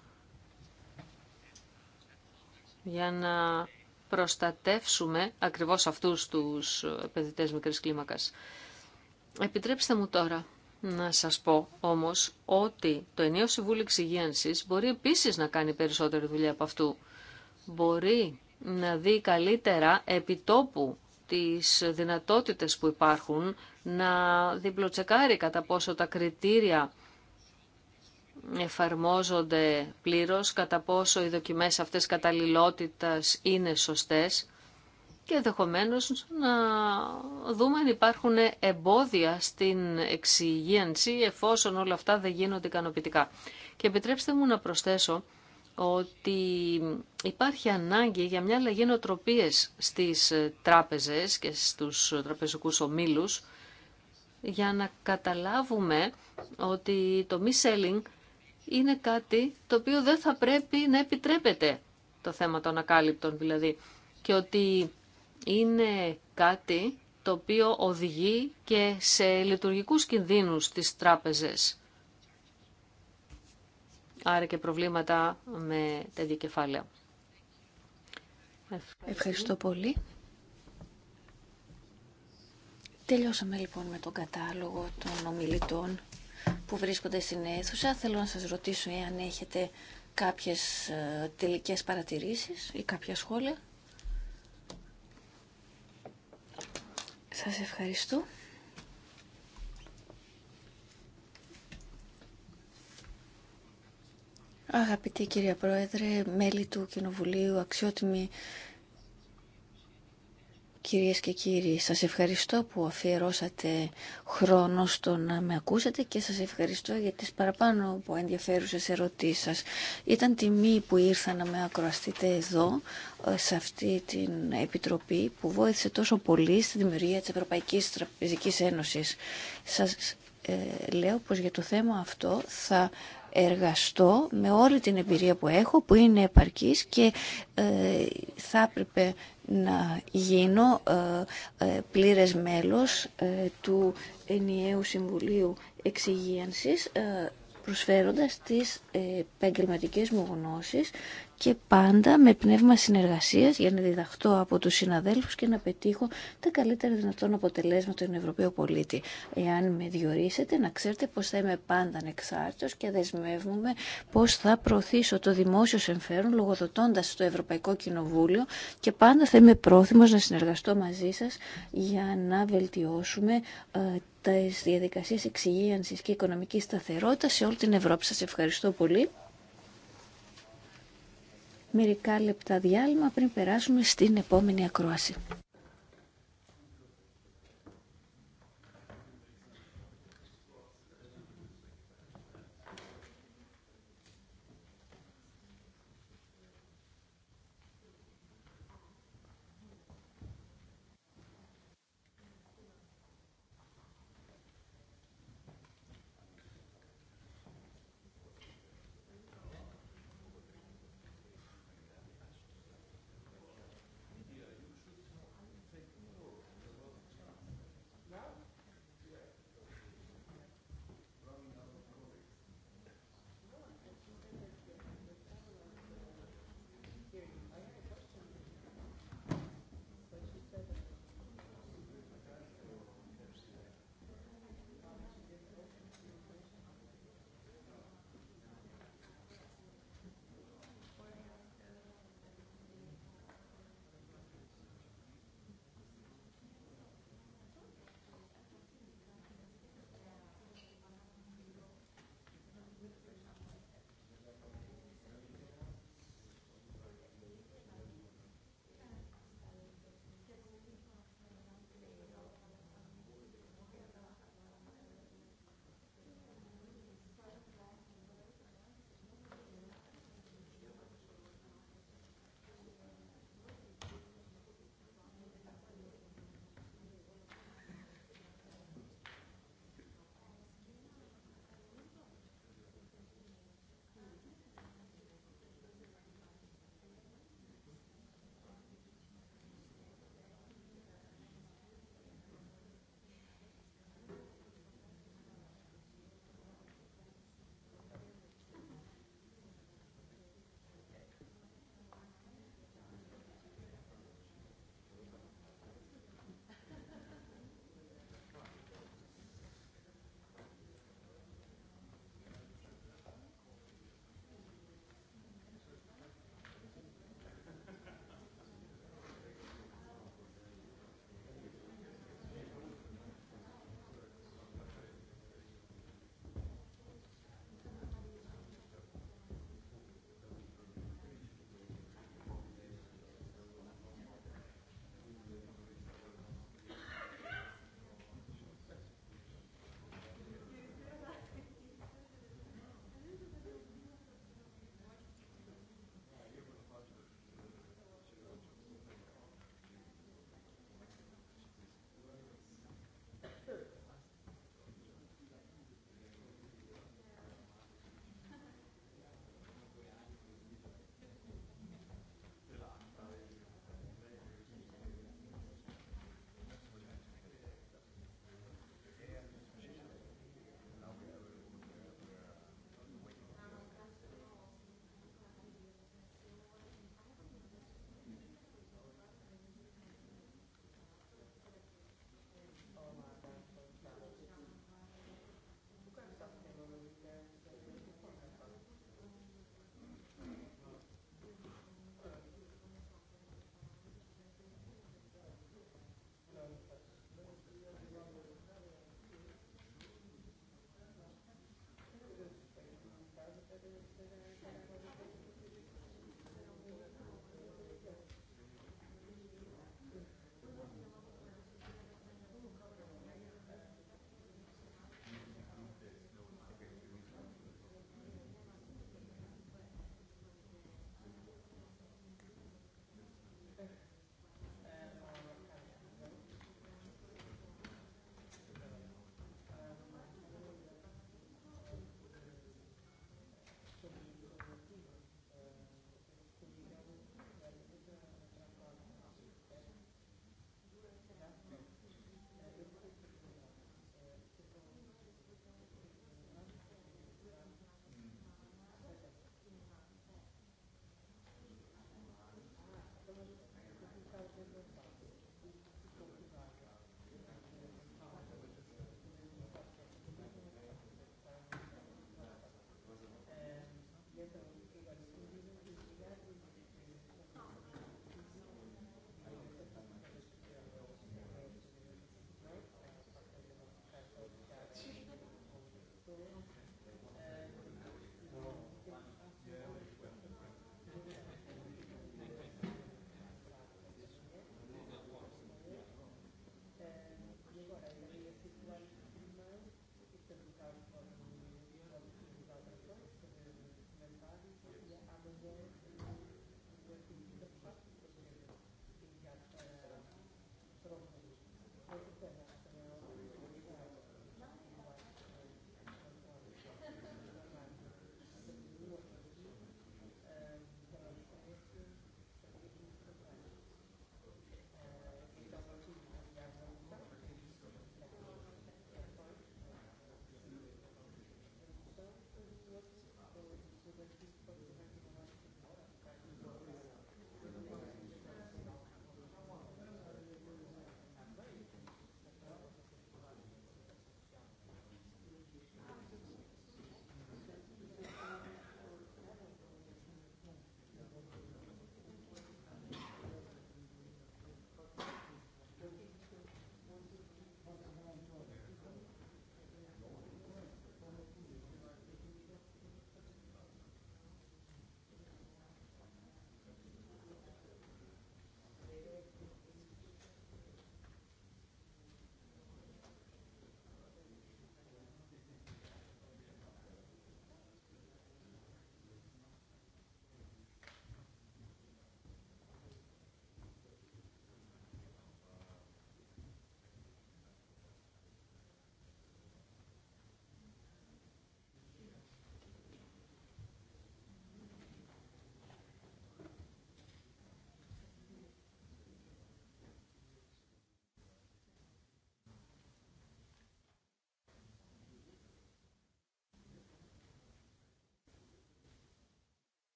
για να προστατεύσουμε ακριβώς αυτούς τους επενδυτές μικρής κλίμακας. Επιτρέψτε μου τώρα να σας πω όμως ότι το ενίο Συμβούλιο Εξυγένσης μπορεί επίσης να κάνει περισσότερη δουλειά από αυτού. Μπορεί να δει καλύτερα επιτόπου τις δυνατότητες που υπάρχουν, να διπλοτσεκάρει κατά πόσο τα κριτήρια εφαρμόζονται πλήρως, κατά πόσο οι δοκιμές αυτές καταλληλότητας είναι σωστές και ενδεχομένω να δούμε αν υπάρχουν εμπόδια στην εξυγίανση εφόσον όλα αυτά δεν γίνονται ικανοποιητικά. Και επιτρέψτε μου να προσθέσω ότι υπάρχει ανάγκη για μια αλλαγή νοοτροπίες στις τράπεζες και στους τραπεζικούς ομίλους για να καταλάβουμε ότι το μη selling είναι κάτι το οποίο δεν θα πρέπει να επιτρέπεται το θέμα των ακάλυπτων δηλαδή και ότι είναι κάτι το οποίο οδηγεί και σε λειτουργικούς κινδύνους στις τράπεζες. Άρα και προβλήματα με τέτοια κεφάλαια. Ευχαριστώ, πολύ. Τελειώσαμε λοιπόν με τον κατάλογο των ομιλητών που βρίσκονται στην αίθουσα. Θέλω να σας ρωτήσω εάν έχετε κάποιες ε, τελικές παρατηρήσεις ή κάποια σχόλια. Σας ευχαριστώ. Αγαπητή κυρία Πρόεδρε, μέλη του Κοινοβουλίου, αξιότιμοι Κυρίες και κύριοι, σας ευχαριστώ που αφιερώσατε χρόνο στο να με ακούσατε και σας ευχαριστώ για τις παραπάνω που ενδιαφέρουσες ερωτήσεις σας. Ήταν τιμή που ήρθα να με ακροαστείτε εδώ, ε, σε αυτή την επιτροπή που βοήθησε τόσο πολύ στη δημιουργία της Ευρωπαϊκής Τραπεζικής Ένωσης. Σας ε, λέω πως για το θέμα αυτό θα εργαστώ με όλη την εμπειρία που έχω, που είναι επαρκής και ε, θα έπρεπε να γίνω ε, ε, πλήρες μέλος του ενιαίου Συμβουλίου Εξυγίανσης προσφέροντας τις επαγγελματικέ μου γνώσεις και πάντα με πνεύμα συνεργασίας για να διδαχτώ από τους συναδέλφους και να πετύχω τα καλύτερα δυνατόν αποτελέσματα των Ευρωπαίο πολίτη. Εάν με διορίσετε να ξέρετε πως θα είμαι πάντα ανεξάρτητος και δεσμεύομαι πως θα προωθήσω το δημόσιο συμφέρον λογοδοτώντας το Ευρωπαϊκό Κοινοβούλιο και πάντα θα είμαι πρόθυμος να συνεργαστώ μαζί σας για να βελτιώσουμε ε, τις διαδικασίες εξυγίανσης και οικονομική σταθερότητα σε όλη την Ευρώπη. Σας ευχαριστώ πολύ μερικά λεπτά διάλειμμα πριν περάσουμε στην επόμενη ακρόαση.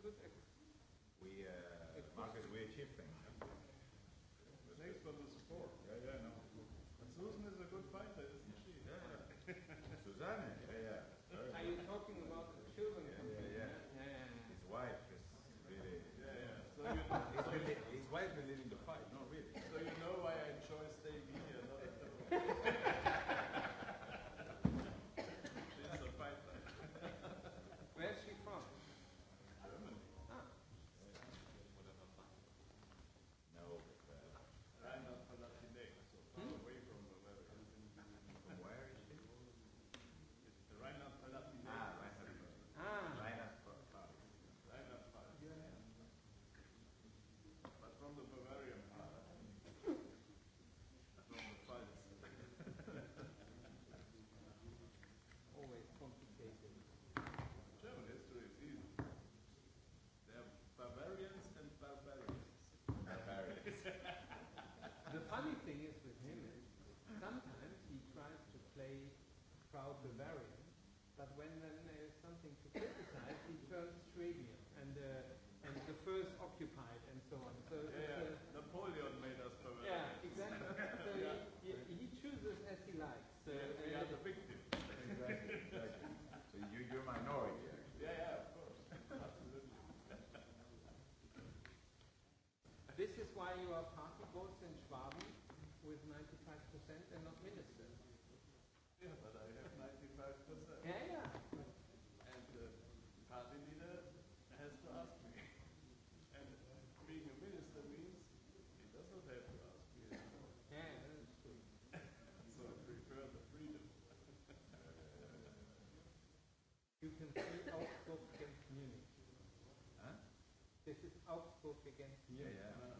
good We, uh, Marcus, we achieved things. The next one is Yeah, yeah, no. And Susan is a good fighter, isn't she? Yeah, yeah. Susanne, yeah, yeah. why your party votes in Schwaben with 95% and not minister. Yeah, but I have 95%. Yeah, yeah. And the party leader has to ask me. And being a minister means he does not have to ask me anymore. Yeah, that's true. so I prefer the freedom. you can see Augsburg against Munich. Huh? This is Augsburg against Munich. Yeah, yeah.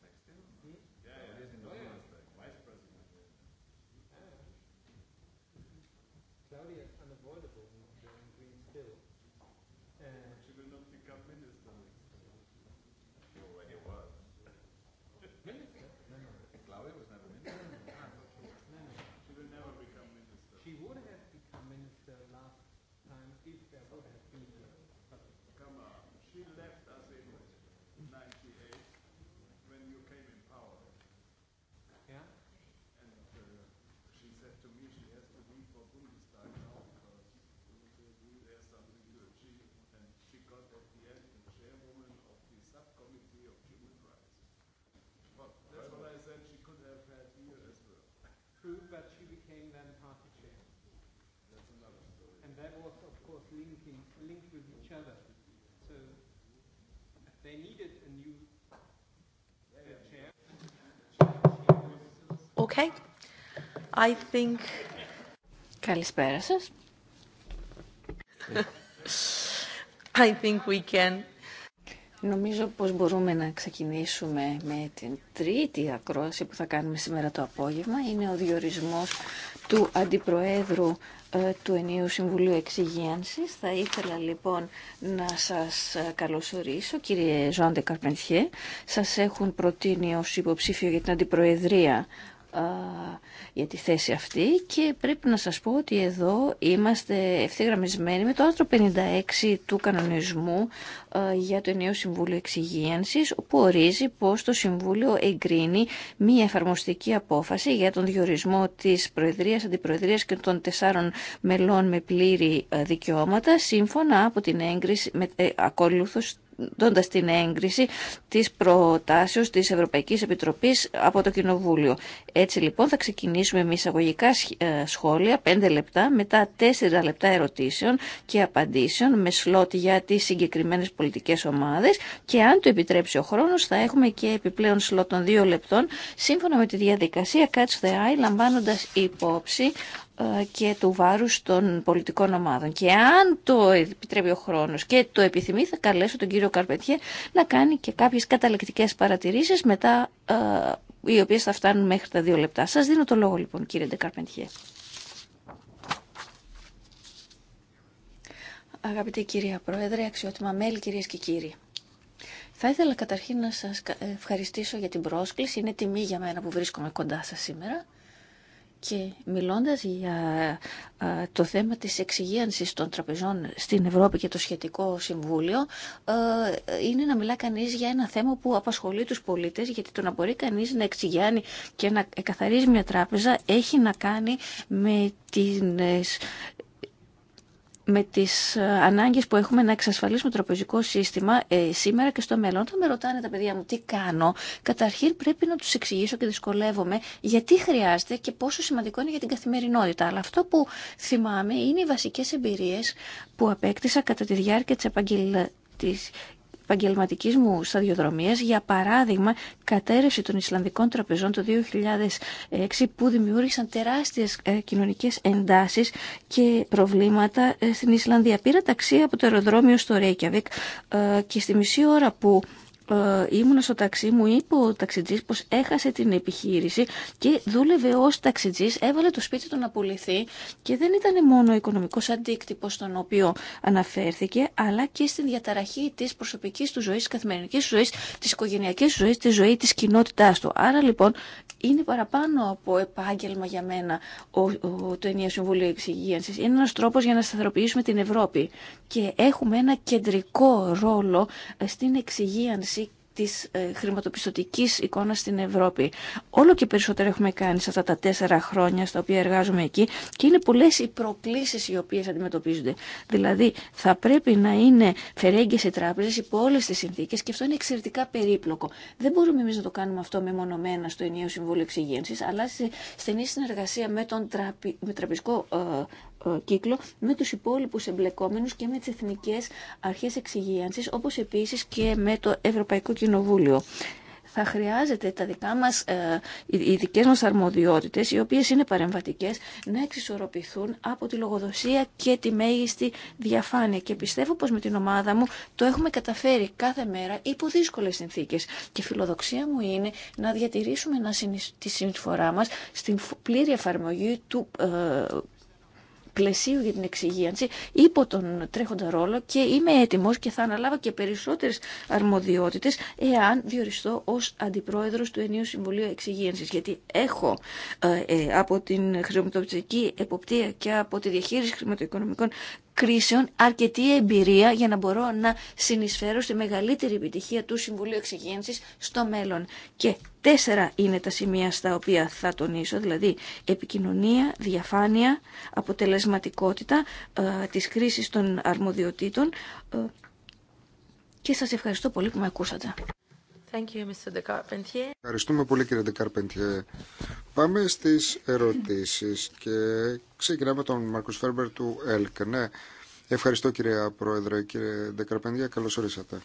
with each other. So they needed a new uh, chair. Okay. I think... Καλησπέρα σας. I think we can... Νομίζω πως μπορούμε να ξεκινήσουμε με την τρίτη ακρόαση που θα κάνουμε σήμερα το απόγευμα. Είναι ο διορισμός του Αντιπροέδρου ε, του Ενίου Συμβουλίου Εξυγίανσης. Θα ήθελα λοιπόν να σας ε, καλωσορίσω, κύριε Ζωάντε Καρπενθιέ. Σας έχουν προτείνει ως υποψήφιο για την Αντιπροεδρία για τη θέση αυτή και πρέπει να σας πω ότι εδώ είμαστε ευθυγραμμισμένοι με το άρθρο 56 του κανονισμού για το ενιαίο Συμβούλιο Εξυγίανσης που ορίζει πως το Συμβούλιο εγκρίνει μία εφαρμοστική απόφαση για τον διορισμό της Προεδρίας, Αντιπροεδρίας και των τεσσάρων μελών με πλήρη δικαιώματα σύμφωνα από την έγκριση με, ε, δόντας την έγκριση της προτάσεως της Ευρωπαϊκής Επιτροπής από το Κοινοβούλιο. Έτσι λοιπόν θα ξεκινήσουμε με εισαγωγικά ε, σχόλια, 5 λεπτά, μετά 4 λεπτά ερωτήσεων και απαντήσεων με σλότ για τις συγκεκριμένες πολιτικές ομάδες και αν το επιτρέψει ο χρόνος θα έχουμε και επιπλέον σλότ των 2 λεπτών σύμφωνα με τη διαδικασία Catch the Eye λαμβάνοντας υπόψη ε, και του βάρους των πολιτικών ομάδων. Και αν το επιτρέπει ο χρόνος και το επιθυμεί, θα καλέσω τον κύριο Καρπετιέ να κάνει και κάποιες καταλεκτικές παρατηρήσεις, μετά ε, οι οποίες θα φτάνουν μέχρι τα δύο λεπτά. Σας δίνω το λόγο λοιπόν κύριε Ντεκαρπεντιέ. Αγαπητή κυρία Πρόεδρε, αξιότιμα μέλη, κυρίες και κύριοι. Θα ήθελα καταρχήν να σας ευχαριστήσω για την πρόσκληση. Είναι τιμή για μένα που βρίσκομαι κοντά σας σήμερα. Και μιλώντας για το θέμα της εξυγίανσης των τραπεζών στην Ευρώπη και το σχετικό συμβούλιο είναι να μιλά κανείς για ένα θέμα που απασχολεί τους πολίτες γιατί το να μπορεί κανείς να εξυγείανει και να εκαθαρίζει μια τράπεζα έχει να κάνει με τις με τις ε, ανάγκες που έχουμε να εξασφαλίσουμε το τραπεζικό σύστημα ε, σήμερα και στο μέλλον. Όταν με ρωτάνε τα παιδιά μου τι κάνω, καταρχήν πρέπει να τους εξηγήσω και δυσκολεύομαι γιατί χρειάζεται και πόσο σημαντικό είναι για την καθημερινότητα. Αλλά αυτό που θυμάμαι είναι οι βασικές εμπειρίες που απέκτησα κατά τη διάρκεια της επαγγελματική μου σταδιοδρομία, για παράδειγμα, κατέρευση των Ισλανδικών τραπεζών το 2006 που δημιούργησαν τεράστιε κοινωνικέ εντάσει και προβλήματα ε, στην Ισλανδία. Πήρα ταξί από το αεροδρόμιο στο Ρέικιαβικ ε, και στη μισή ώρα που ε, ήμουν στο ταξί μου, είπε ο ταξιτζής πω έχασε την επιχείρηση και δούλευε ω ταξιτζής, έβαλε το σπίτι του να πουληθεί και δεν ήταν μόνο ο οικονομικό αντίκτυπο στον οποίο αναφέρθηκε, αλλά και στην διαταραχή τη προσωπική του ζωή, τη καθημερινή ζωή, ζωής, της οικογενειακής τη ζωής, της ζωή τη κοινότητά του. Άρα λοιπόν είναι παραπάνω από επάγγελμα για μένα ο, το ενιαίο Συμβούλιο εξυγίανση. Είναι ένα τρόπο για να σταθεροποιήσουμε την Ευρώπη και έχουμε ένα κεντρικό ρόλο ε, στην εξυγίανση της ε, χρηματοπιστωτικής εικόνας στην Ευρώπη. Όλο και περισσότερο έχουμε κάνει σε αυτά τα τέσσερα χρόνια στα οποία εργάζομαι εκεί και είναι πολλές οι προκλήσεις οι οποίες αντιμετωπίζονται. Δηλαδή θα πρέπει να είναι φερέγγες οι τράπεζες υπό όλες τις συνθήκες και αυτό είναι εξαιρετικά περίπλοκο. Δεν μπορούμε εμείς να το κάνουμε αυτό μεμονωμένα στο ενιαίο Συμβούλιο Εξυγένσης αλλά σε στενή συνεργασία με τον τραπη... με τραπεζικό ε, ε, κύκλο με τους υπόλοιπους εμπλεκόμενους και με τις εθνικές αρχές εξυγίανσης όπως επίσης και με το Ευρωπαϊκό Κοινοβούλιο. Θα χρειάζεται τα δικά μας, ε, οι δικές μας αρμοδιότητες, οι οποίες είναι παρεμβατικές, να εξισορροπηθούν από τη λογοδοσία και τη μέγιστη διαφάνεια. Και πιστεύω πως με την ομάδα μου το έχουμε καταφέρει κάθε μέρα υπό δύσκολες συνθήκες. Και φιλοδοξία μου είναι να διατηρήσουμε τη συνεισφορά μας στην πλήρη εφαρμογή του ε, πλαισίου για την εξυγίανση υπό τον τρέχοντα ρόλο και είμαι έτοιμος και θα αναλάβω και περισσότερες αρμοδιότητες εάν διοριστώ ως αντιπρόεδρος του Ενίου Συμβουλίου Εξυγίανσης γιατί έχω ε, ε, από την χρηματοπιστική εποπτεία και από τη διαχείριση χρηματοοικονομικών κρίσεων αρκετή εμπειρία για να μπορώ να συνεισφέρω στη μεγαλύτερη επιτυχία του Συμβουλίου Εξυγένσης στο μέλλον. Και τέσσερα είναι τα σημεία στα οποία θα τονίσω, δηλαδή επικοινωνία, διαφάνεια, αποτελεσματικότητα ε, της κρίσης των αρμοδιοτήτων ε, και σας ευχαριστώ πολύ που με ακούσατε. Ευχαριστούμε πολύ κύριε Δεκαρπέντιε. Πάμε στις ερωτήσεις και ξεκινάμε τον Μαρκούς Φέρμπερ του ΕΛΚ. Ναι. Ευχαριστώ κύριε Πρόεδρε, κύριε Ντεκαρπεντιέ, καλώς ορίσατε. Αν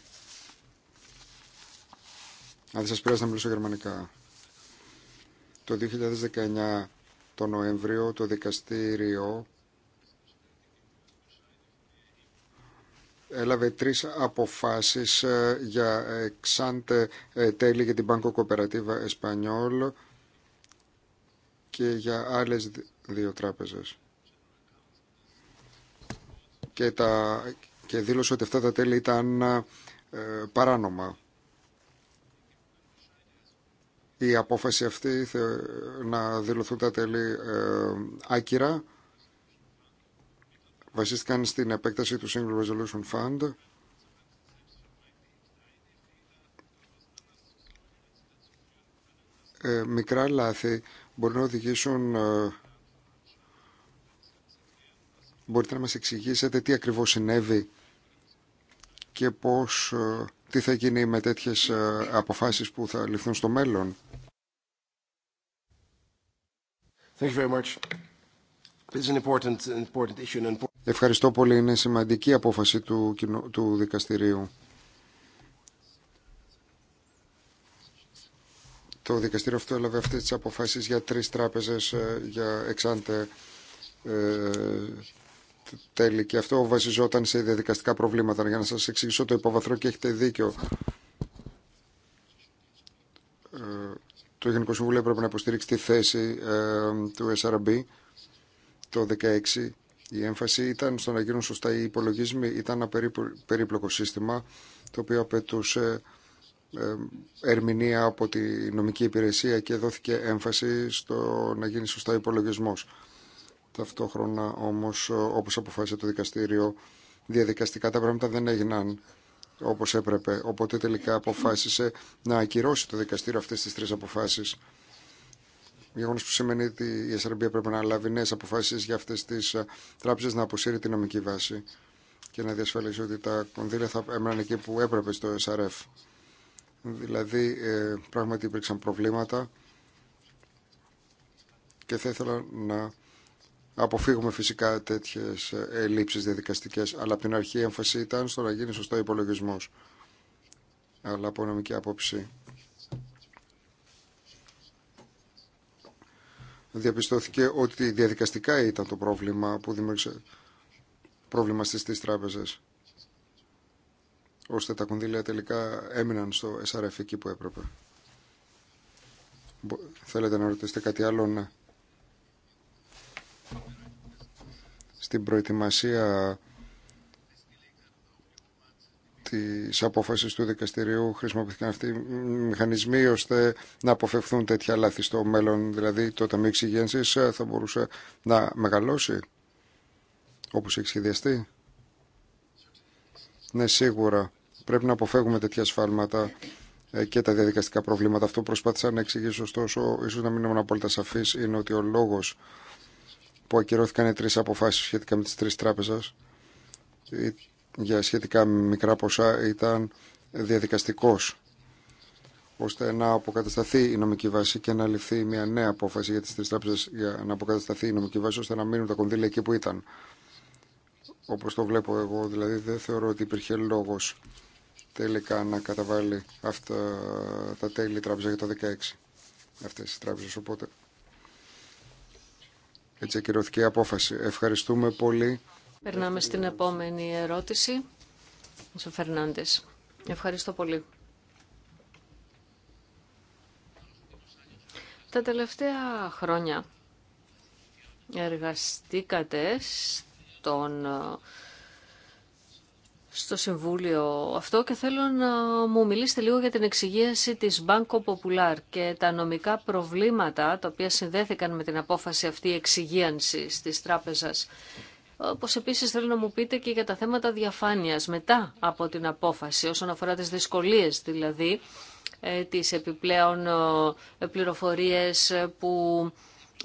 δεν σας πειράζει να μιλήσω γερμανικά. Το 2019 το Νοέμβριο το δικαστήριο έλαβε τρεις αποφάσεις ε, για εξάντε ε, τέλη για την Banco Cooperativa Español και για άλλες δύο τράπεζες. Και, τα, και δήλωσε ότι αυτά τα τέλη ήταν ε, παράνομα. Η απόφαση αυτή να δηλωθούν τα τέλη ε, άκυρα βασίστηκαν στην επέκταση του Single Resolution Fund ε, μικρά λάθη μπορεί να οδηγήσουν ε, μπορείτε να μας εξηγήσετε τι ακριβώς συνέβη και πώς ε, τι θα γίνει με τέτοιες αποφάσεις που θα ληφθούν στο μέλλον Thank you very much. Ευχαριστώ πολύ. Είναι σημαντική απόφαση του, του δικαστηρίου. Το δικαστήριο αυτό έλαβε αυτές τις αποφάσεις για τρεις τράπεζες ε, για εξάντε ε, τέλη και αυτό βασιζόταν σε διαδικαστικά προβλήματα. Για να σας εξηγήσω το υποβαθρό και έχετε δίκιο. Ε, το Γενικό Συμβούλιο πρέπει να υποστηρίξει τη θέση ε, του SRB το 2016 η έμφαση ήταν στο να γίνουν σωστά οι υπολογισμοί. Ήταν ένα περίπλοκο σύστημα το οποίο απαιτούσε ε, ερμηνεία από τη νομική υπηρεσία και δόθηκε έμφαση στο να γίνει σωστά υπολογισμός. Ταυτόχρονα όμως όπως αποφάσισε το δικαστήριο διαδικαστικά τα πράγματα δεν έγιναν όπως έπρεπε. Οπότε τελικά αποφάσισε να ακυρώσει το δικαστήριο αυτές τις τρεις αποφάσεις Γεγονό που σημαίνει ότι η Σερβία πρέπει να λάβει νέε αποφάσει για αυτέ τι ε, τράπεζε να αποσύρει την νομική βάση και να διασφαλίσει ότι τα κονδύλια θα έμεναν εκεί που έπρεπε στο SRF. Δηλαδή, ε, πράγματι υπήρξαν προβλήματα και θα ήθελα να αποφύγουμε φυσικά τέτοιε ε, ελλείψεις διαδικαστικέ, αλλά από την αρχή η έμφαση ήταν στο να γίνει σωστό υπολογισμό, Αλλά από νομική άποψη διαπιστώθηκε ότι διαδικαστικά ήταν το πρόβλημα που δημιούργησε πρόβλημα στις τράπεζες ώστε τα κονδύλια τελικά έμειναν στο SRF εκεί που έπρεπε. Θέλετε να ρωτήσετε κάτι άλλο, ναι. Στην προετοιμασία τις απόφασεις του δικαστηρίου χρησιμοποιήθηκαν αυτοί οι μηχανισμοί ώστε να αποφευθούν τέτοια λάθη στο μέλλον. Δηλαδή το Ταμείο εξηγένση, ε, θα μπορούσε να μεγαλώσει όπω έχει σχεδιαστεί. Ναι, σίγουρα. Πρέπει να αποφεύγουμε τέτοια σφάλματα ε, και τα διαδικαστικά προβλήματα. Αυτό προσπάθησα να εξηγήσω, ωστόσο, ίσω να μην ήμουν απόλυτα σαφή, είναι ότι ο λόγο που ακυρώθηκαν οι τρει αποφάσει σχετικά με τι τρει τράπεζε για σχετικά μικρά ποσά ήταν διαδικαστικός ώστε να αποκατασταθεί η νομική βάση και να ληφθεί μια νέα απόφαση για τις τρεις τράπεζες για να αποκατασταθεί η νομική βάση ώστε να μείνουν τα κονδύλια εκεί που ήταν. Όπως το βλέπω εγώ, δηλαδή δεν θεωρώ ότι υπήρχε λόγος τελικά να καταβάλει αυτά τα τέλη τράπεζα για το 16 αυτές τις τράπεζες οπότε έτσι ακυρωθήκε η απόφαση ευχαριστούμε πολύ Περνάμε στην επόμενη ερώτηση. Ο Φερνάντες. Ευχαριστώ πολύ. Τα τελευταία χρόνια εργαστήκατε στον, στο Συμβούλιο αυτό και θέλω να μου μιλήσετε λίγο για την εξηγίαση της Banco Popular και τα νομικά προβλήματα τα οποία συνδέθηκαν με την απόφαση αυτή εξηγίανσης της τράπεζας όπως επίσης θέλω να μου πείτε και για τα θέματα διαφάνειας μετά από την απόφαση όσον αφορά τις δυσκολίες δηλαδή ε, τις επιπλέον ε, πληροφορίες που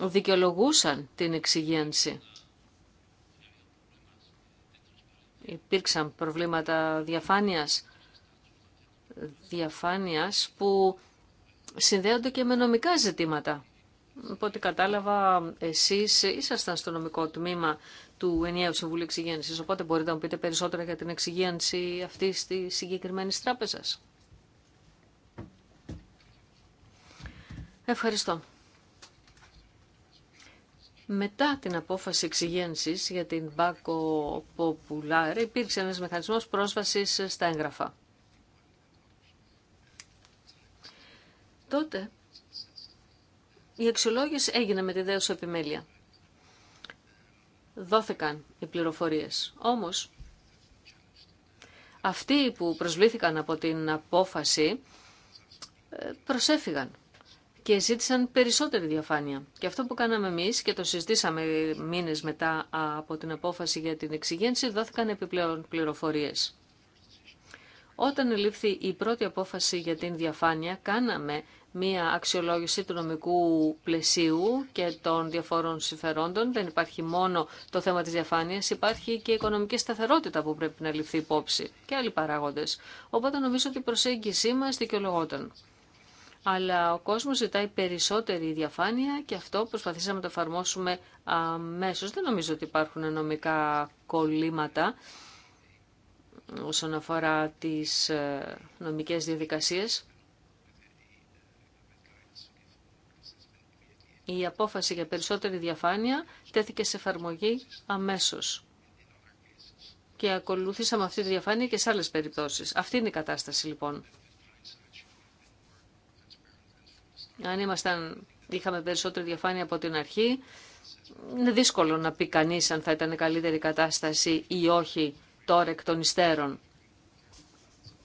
δικαιολογούσαν την εξυγένση. Υπήρξαν προβλήματα διαφάνειας, διαφάνειας που συνδέονται και με νομικά ζητήματα. Οπότε κατάλαβα, εσείς ήσασταν στο νομικό τμήμα του ενιαίου Συμβουλίου Εξυγένσης. Οπότε μπορείτε να μου πείτε περισσότερα για την εξυγένση αυτή τη συγκεκριμένη τράπεζα. Ευχαριστώ. Μετά την απόφαση εξυγένσης για την Banco Popular υπήρξε ένας μηχανισμός πρόσβασης στα έγγραφα. Τότε η αξιολόγηση έγινε με τη δέωση επιμέλεια δόθηκαν οι πληροφορίες. Όμως, αυτοί που προσβλήθηκαν από την απόφαση ε, προσέφυγαν και ζήτησαν περισσότερη διαφάνεια. Και αυτό που κάναμε εμείς και το συζητήσαμε μήνες μετά από την απόφαση για την εξηγένση, δόθηκαν επιπλέον πληροφορίες. Όταν λήφθη η πρώτη απόφαση για την διαφάνεια, κάναμε μία αξιολόγηση του νομικού πλαισίου και των διαφόρων συμφερόντων. Δεν υπάρχει μόνο το θέμα της διαφάνειας, υπάρχει και η οικονομική σταθερότητα που πρέπει να ληφθεί υπόψη και άλλοι παράγοντες. Οπότε νομίζω ότι η προσέγγιση μας δικαιολογόταν. Αλλά ο κόσμος ζητάει περισσότερη διαφάνεια και αυτό προσπαθήσαμε να το εφαρμόσουμε αμέσως. Δεν νομίζω ότι υπάρχουν νομικά κολλήματα όσον αφορά τις ε, νομικές διαδικασίες. Η απόφαση για περισσότερη διαφάνεια τέθηκε σε εφαρμογή αμέσως. Και ακολούθησαμε αυτή τη διαφάνεια και σε άλλες περιπτώσεις. Αυτή είναι η κατάσταση λοιπόν. Αν ήμασταν, είχαμε περισσότερη διαφάνεια από την αρχή, είναι δύσκολο να πει κανείς αν θα ήταν καλύτερη κατάσταση ή όχι τώρα εκ των υστέρων.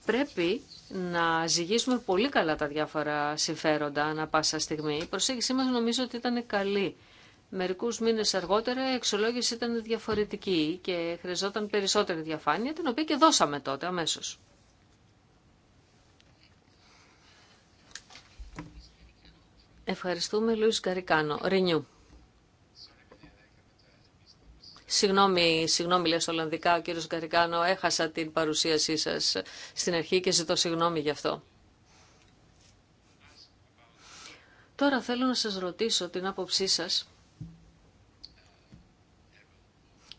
Πρέπει να ζυγίσουμε πολύ καλά τα διάφορα συμφέροντα ανά πάσα στιγμή. Η προσέγγιση μας νομίζω ότι ήταν καλή. Μερικούς μήνες αργότερα η εξολόγηση ήταν διαφορετική και χρειαζόταν περισσότερη διαφάνεια, την οποία και δώσαμε τότε αμέσως. Ευχαριστούμε Λουίς Καρικάνο. Ρινιού. Συγγνώμη, συγγνώμη στο Ολλανδικά, ο κύριος Γκαρικάνο, έχασα την παρουσίασή σας στην αρχή και ζητώ συγγνώμη γι' αυτό. Τώρα θέλω να σας ρωτήσω την άποψή σας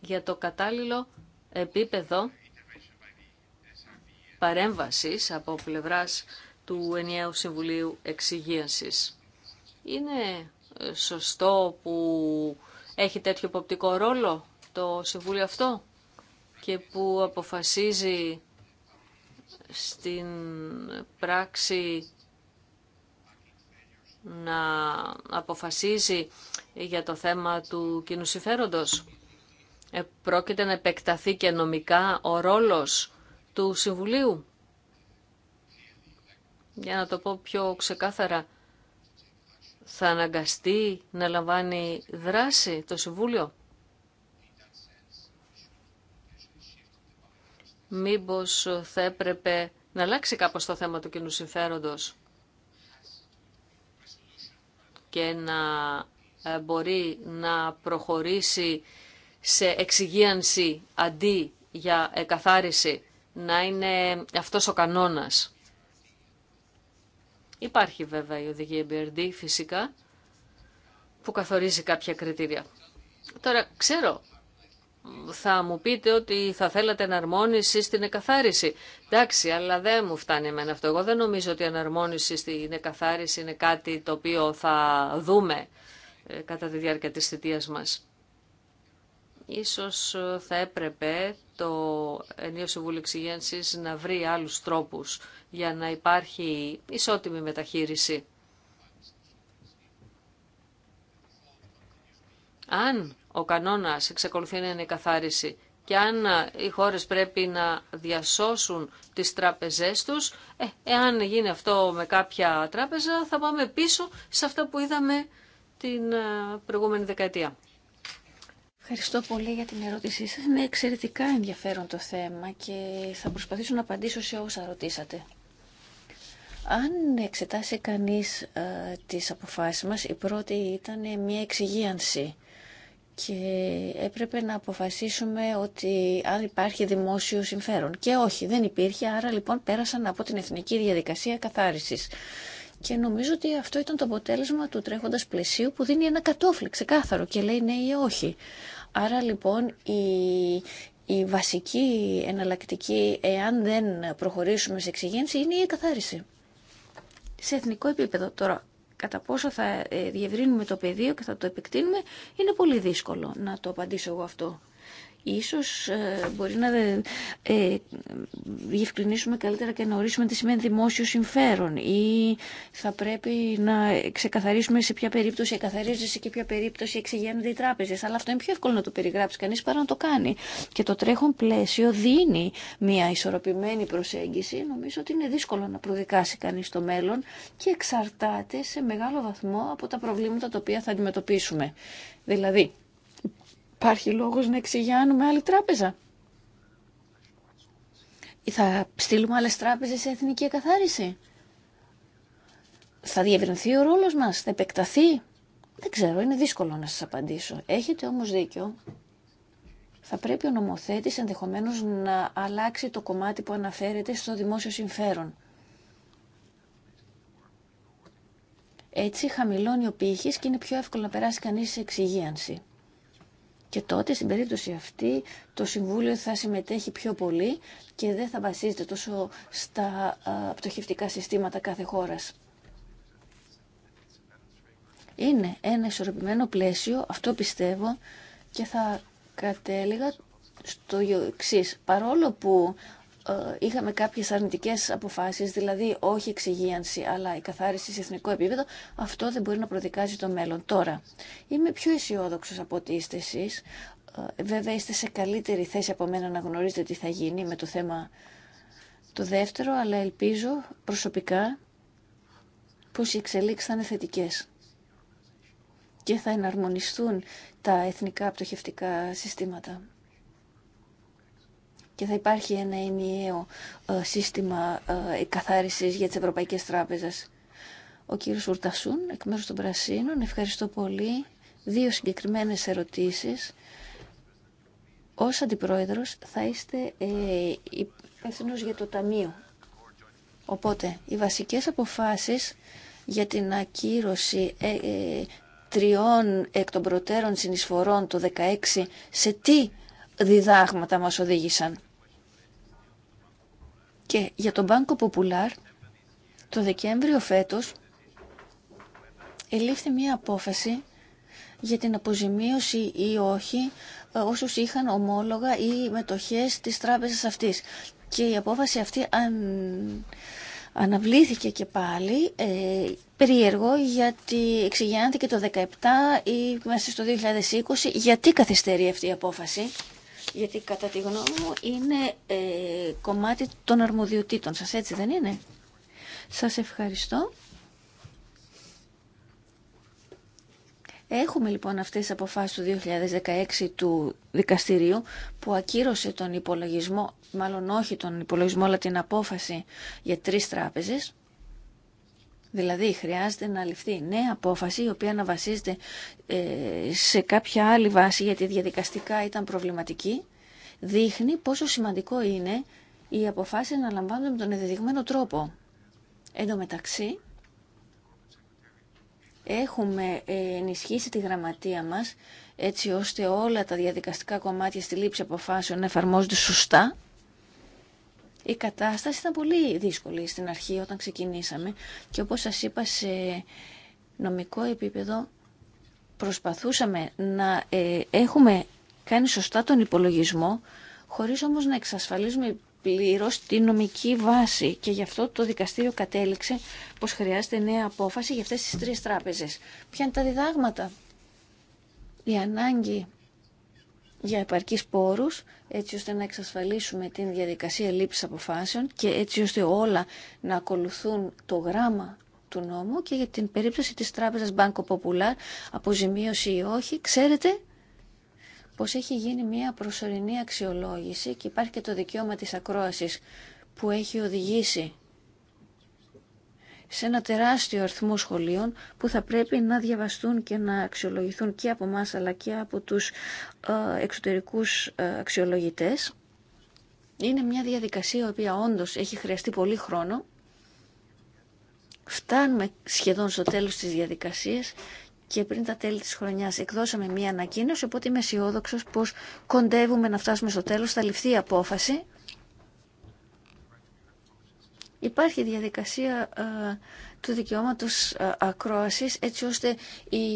για το κατάλληλο επίπεδο παρέμβασης από πλευράς του Ενιαίου Συμβουλίου Εξυγίανσης. Είναι σωστό που έχει τέτοιο υποπτικό ρόλο το Συμβούλιο αυτό και που αποφασίζει στην πράξη να αποφασίζει για το θέμα του κοινού Ε, πρόκειται να επεκταθεί και νομικά ο ρόλος του Συμβουλίου. Για να το πω πιο ξεκάθαρα, θα αναγκαστεί να λαμβάνει δράση το Συμβούλιο. μήπως θα έπρεπε να αλλάξει κάπως το θέμα του κοινού συμφέροντος και να ε, μπορεί να προχωρήσει σε εξυγίανση αντί για εκαθάριση, να είναι αυτός ο κανόνας. Υπάρχει βέβαια η οδηγία BRD φυσικά που καθορίζει κάποια κριτήρια. Τώρα ξέρω θα μου πείτε ότι θα θέλατε εναρμόνιση στην εκαθάριση. Εντάξει, αλλά δεν μου φτάνει εμένα αυτό. Εγώ δεν νομίζω ότι η εναρμόνιση στην εκαθάριση είναι κάτι το οποίο θα δούμε ε, κατά τη διάρκεια της θητείας μας. Ίσως ε, θα έπρεπε το Ενίο Συμβούλιο να βρει άλλους τρόπους για να υπάρχει ισότιμη μεταχείριση Αν ο κανόνας εξεκολουθεί να είναι η καθάριση και αν ε, οι χώρες πρέπει να διασώσουν τις τράπεζές τους, ε, εάν γίνει αυτό με κάποια τράπεζα θα πάμε πίσω σε αυτά που είδαμε την ε, προηγούμενη δεκαετία. Ευχαριστώ πολύ για την ερώτησή σας. Είναι εξαιρετικά ενδιαφέρον το θέμα και θα προσπαθήσω να απαντήσω σε όσα ρωτήσατε. Αν εξετάσει κανείς τι ε, τις αποφάσεις μας, η πρώτη ήταν μια εξυγίανση και έπρεπε να αποφασίσουμε ότι αν υπάρχει δημόσιο συμφέρον. Και όχι, δεν υπήρχε, άρα λοιπόν πέρασαν από την εθνική διαδικασία καθάρισης. Και νομίζω ότι αυτό ήταν το αποτέλεσμα του τρέχοντας πλαισίου που δίνει ένα κατόφλι ξεκάθαρο και λέει ναι ή όχι. Άρα λοιπόν η, η βασική εναλλακτική, εάν δεν προχωρήσουμε σε εξηγήνση, είναι η καθάριση. Σε εθνικό επίπεδο τώρα, κατά πόσο θα ε, διευρύνουμε το πεδίο και θα το επεκτείνουμε, είναι πολύ δύσκολο να το απαντήσω εγώ αυτό. Ίσως ε, μπορεί να ε, ε, διευκρινίσουμε καλύτερα και να ορίσουμε τι σημαίνει δημόσιο συμφέρον ή θα πρέπει να ξεκαθαρίσουμε σε ποια περίπτωση εκαθαρίζεται, σε ποια περίπτωση εξηγένονται οι τράπεζε. Αλλά αυτό είναι πιο εύκολο να το περιγράψει κανεί παρά να το κάνει. Και το τρέχον πλαίσιο δίνει μια ισορροπημένη προσέγγιση. Νομίζω ότι είναι δύσκολο να προδικάσει κανεί το μέλλον και εξαρτάται σε μεγάλο βαθμό από τα προβλήματα τα οποία θα αντιμετωπίσουμε. Δηλαδή, Υπάρχει λόγος να εξηγιάνουμε άλλη τράπεζα. Ή θα στείλουμε άλλες τράπεζες σε εθνική εκαθάριση. Θα διευρυνθεί ο ρόλος μας, θα επεκταθεί. Δεν ξέρω, είναι δύσκολο να σας απαντήσω. Έχετε όμως δίκιο. Θα πρέπει ο νομοθέτης ενδεχομένως να αλλάξει το κομμάτι που αναφέρεται στο δημόσιο συμφέρον. Έτσι χαμηλώνει ο πύχης και είναι πιο εύκολο να περάσει κανείς σε εξυγίανση. Και τότε στην περίπτωση αυτή το Συμβούλιο θα συμμετέχει πιο πολύ και δεν θα βασίζεται τόσο στα πτωχευτικά συστήματα κάθε χώρας. Είναι ένα ισορροπημένο πλαίσιο, αυτό πιστεύω, και θα κατέληγα στο εξή. Παρόλο που ε, είχαμε κάποιες αρνητικές αποφάσεις, δηλαδή όχι εξυγίανση αλλά η καθάριση σε εθνικό επίπεδο, αυτό δεν μπορεί να προδικάζει το μέλλον. Τώρα, είμαι πιο αισιόδοξο από ότι είστε ε, Βέβαια είστε σε καλύτερη θέση από μένα να γνωρίζετε τι θα γίνει με το θέμα το δεύτερο, αλλά ελπίζω προσωπικά πω οι εξελίξει θα είναι θετικέ και θα εναρμονιστούν τα εθνικά πτωχευτικά συστήματα και θα υπάρχει ένα ενιαίο ε, σύστημα ε, εκαθάρισης για τις ευρωπαϊκές τράπεζες. Ο κύριος Ουρτασούν, εκ μέρους των Πρασίνων, ευχαριστώ πολύ. Δύο συγκεκριμένες ερωτήσεις. Ως αντιπρόεδρος θα είστε ε, υπεύθυνο για το Ταμείο. Οπότε, οι βασικές αποφάσεις για την ακύρωση ε, τριών εκ των προτέρων συνεισφορών το 16 σε τι διδάγματα μας οδήγησαν. Και για τον Banco Popular, το Δεκέμβριο φέτος, ελήφθη μία απόφαση για την αποζημίωση ή όχι ε, όσους είχαν ομόλογα ή μετοχές της τράπεζας αυτής. Και η απόφαση αυτή αν... αναβλήθηκε και πάλι ε, περίεργο γιατί εξηγιάνθηκε το 2017 ή μέσα στο 2020. Γιατί καθυστερεί αυτή η απόφαση γιατί κατά τη γνώμη μου είναι ε, κομμάτι των αρμοδιοτήτων σας, έτσι δεν είναι. Σας ευχαριστώ. Έχουμε λοιπόν αυτές τις αποφάσεις του 2016 του δικαστηρίου που ακύρωσε τον υπολογισμό, μάλλον όχι τον υπολογισμό αλλά την απόφαση για τρεις τράπεζες Δηλαδή χρειάζεται να ληφθεί νέα απόφαση η οποία να βασίζεται ε, σε κάποια άλλη βάση γιατί διαδικαστικά ήταν προβληματική δείχνει πόσο σημαντικό είναι οι αποφάσει να λαμβάνονται με τον ενδεδειγμένο τρόπο. Εν τω μεταξύ, έχουμε ε, ενισχύσει τη γραμματεία μας έτσι ώστε όλα τα διαδικαστικά κομμάτια στη λήψη αποφάσεων να εφαρμόζονται σωστά η κατάσταση ήταν πολύ δύσκολη στην αρχή όταν ξεκινήσαμε και όπως σας είπα σε νομικό επίπεδο προσπαθούσαμε να ε, έχουμε κάνει σωστά τον υπολογισμό χωρίς όμως να εξασφαλίζουμε πλήρως τη νομική βάση και γι' αυτό το δικαστήριο κατέληξε πως χρειάζεται νέα απόφαση για αυτές τις τρεις τράπεζες. Ποια είναι τα διδάγματα. Η ανάγκη για επαρκείς πόρους, έτσι ώστε να εξασφαλίσουμε την διαδικασία λήψης αποφάσεων και έτσι ώστε όλα να ακολουθούν το γράμμα του νόμου και για την περίπτωση της τράπεζας Banco Popular, αποζημίωση ή όχι, ξέρετε πως έχει γίνει μια προσωρινή αξιολόγηση και υπάρχει και το δικαίωμα της ακρόασης που έχει οδηγήσει σε ένα τεράστιο αριθμό σχολείων που θα πρέπει να διαβαστούν και να αξιολογηθούν και από εμά αλλά και από τους ε, εξωτερικούς ε, αξιολογητές. Είναι μια διαδικασία η οποία όντως έχει χρειαστεί πολύ χρόνο. Φτάνουμε σχεδόν στο τέλος της διαδικασίας και πριν τα τέλη της χρονιάς εκδώσαμε μία ανακοίνωση, οπότε είμαι αισιόδοξο πως κοντεύουμε να φτάσουμε στο τέλος, θα ληφθεί η απόφαση Υπάρχει διαδικασία ε, του δικαιώματος ε, ακρόασης έτσι ώστε οι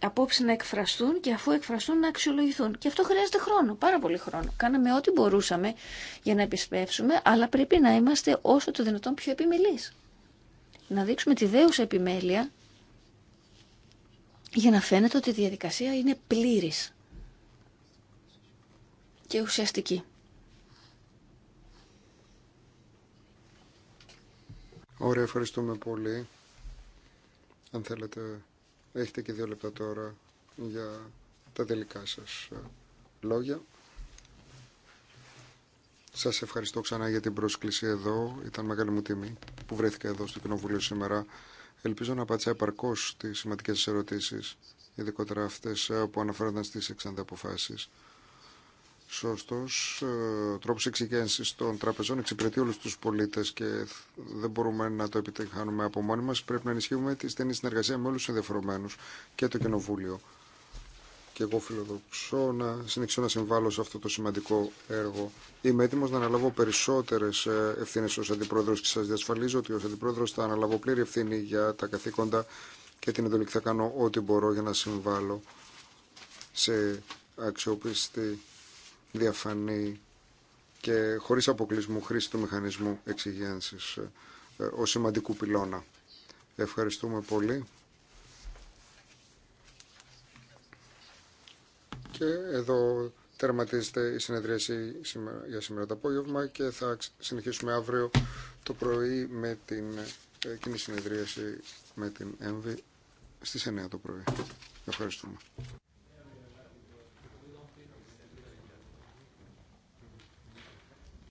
απόψεις να εκφραστούν και αφού εκφραστούν να αξιολογηθούν. Και αυτό χρειάζεται χρόνο, πάρα πολύ χρόνο. Κάναμε ό,τι μπορούσαμε για να επισπεύσουμε, αλλά πρέπει να είμαστε όσο το δυνατόν πιο επιμελείς. Να δείξουμε τη δέουσα επιμέλεια για να φαίνεται ότι η διαδικασία είναι πλήρης και ουσιαστική. Ωραία, ευχαριστούμε πολύ. Αν θέλετε, έχετε και δύο λεπτά τώρα για τα τελικά σας ε, λόγια. Σας ευχαριστώ ξανά για την πρόσκληση εδώ. Ήταν μεγάλη μου τιμή που βρέθηκα εδώ στο Κοινοβούλιο σήμερα. Ελπίζω να απάντησα επαρκώς τις σημαντικές ερωτήσεις, ειδικότερα αυτές ε, που αναφέρονταν στις 60 αποφάσεις σωστός ε, τρόπο εξηγένση των τραπεζών εξυπηρετεί όλου του πολίτε και δεν μπορούμε να το επιτυγχάνουμε από μόνοι μα. Πρέπει να ενισχύουμε τη στενή συνεργασία με όλου του ενδιαφερομένου και το Κοινοβούλιο. Και εγώ φιλοδοξώ να συνεχίσω να συμβάλλω σε αυτό το σημαντικό έργο. Είμαι έτοιμο να αναλάβω περισσότερε ε, ευθύνε ω αντιπρόεδρο και σα διασφαλίζω ότι ω αντιπρόεδρο θα αναλάβω πλήρη ευθύνη για τα καθήκοντα και την εντολή θα κάνω ό,τι μπορώ για να συμβάλλω σε αξιόπιστη διαφανή και χωρίς αποκλεισμού χρήση του μηχανισμού εξυγένσης ε, ε, ως σημαντικού πυλώνα. Ευχαριστούμε πολύ. Και εδώ τερματίζεται η συνεδρίαση για σήμερα το απόγευμα και θα συνεχίσουμε αύριο το πρωί με την ε, κοινή συνεδρίαση με την ΕΜΒΗ στις 9 το πρωί. Ευχαριστούμε.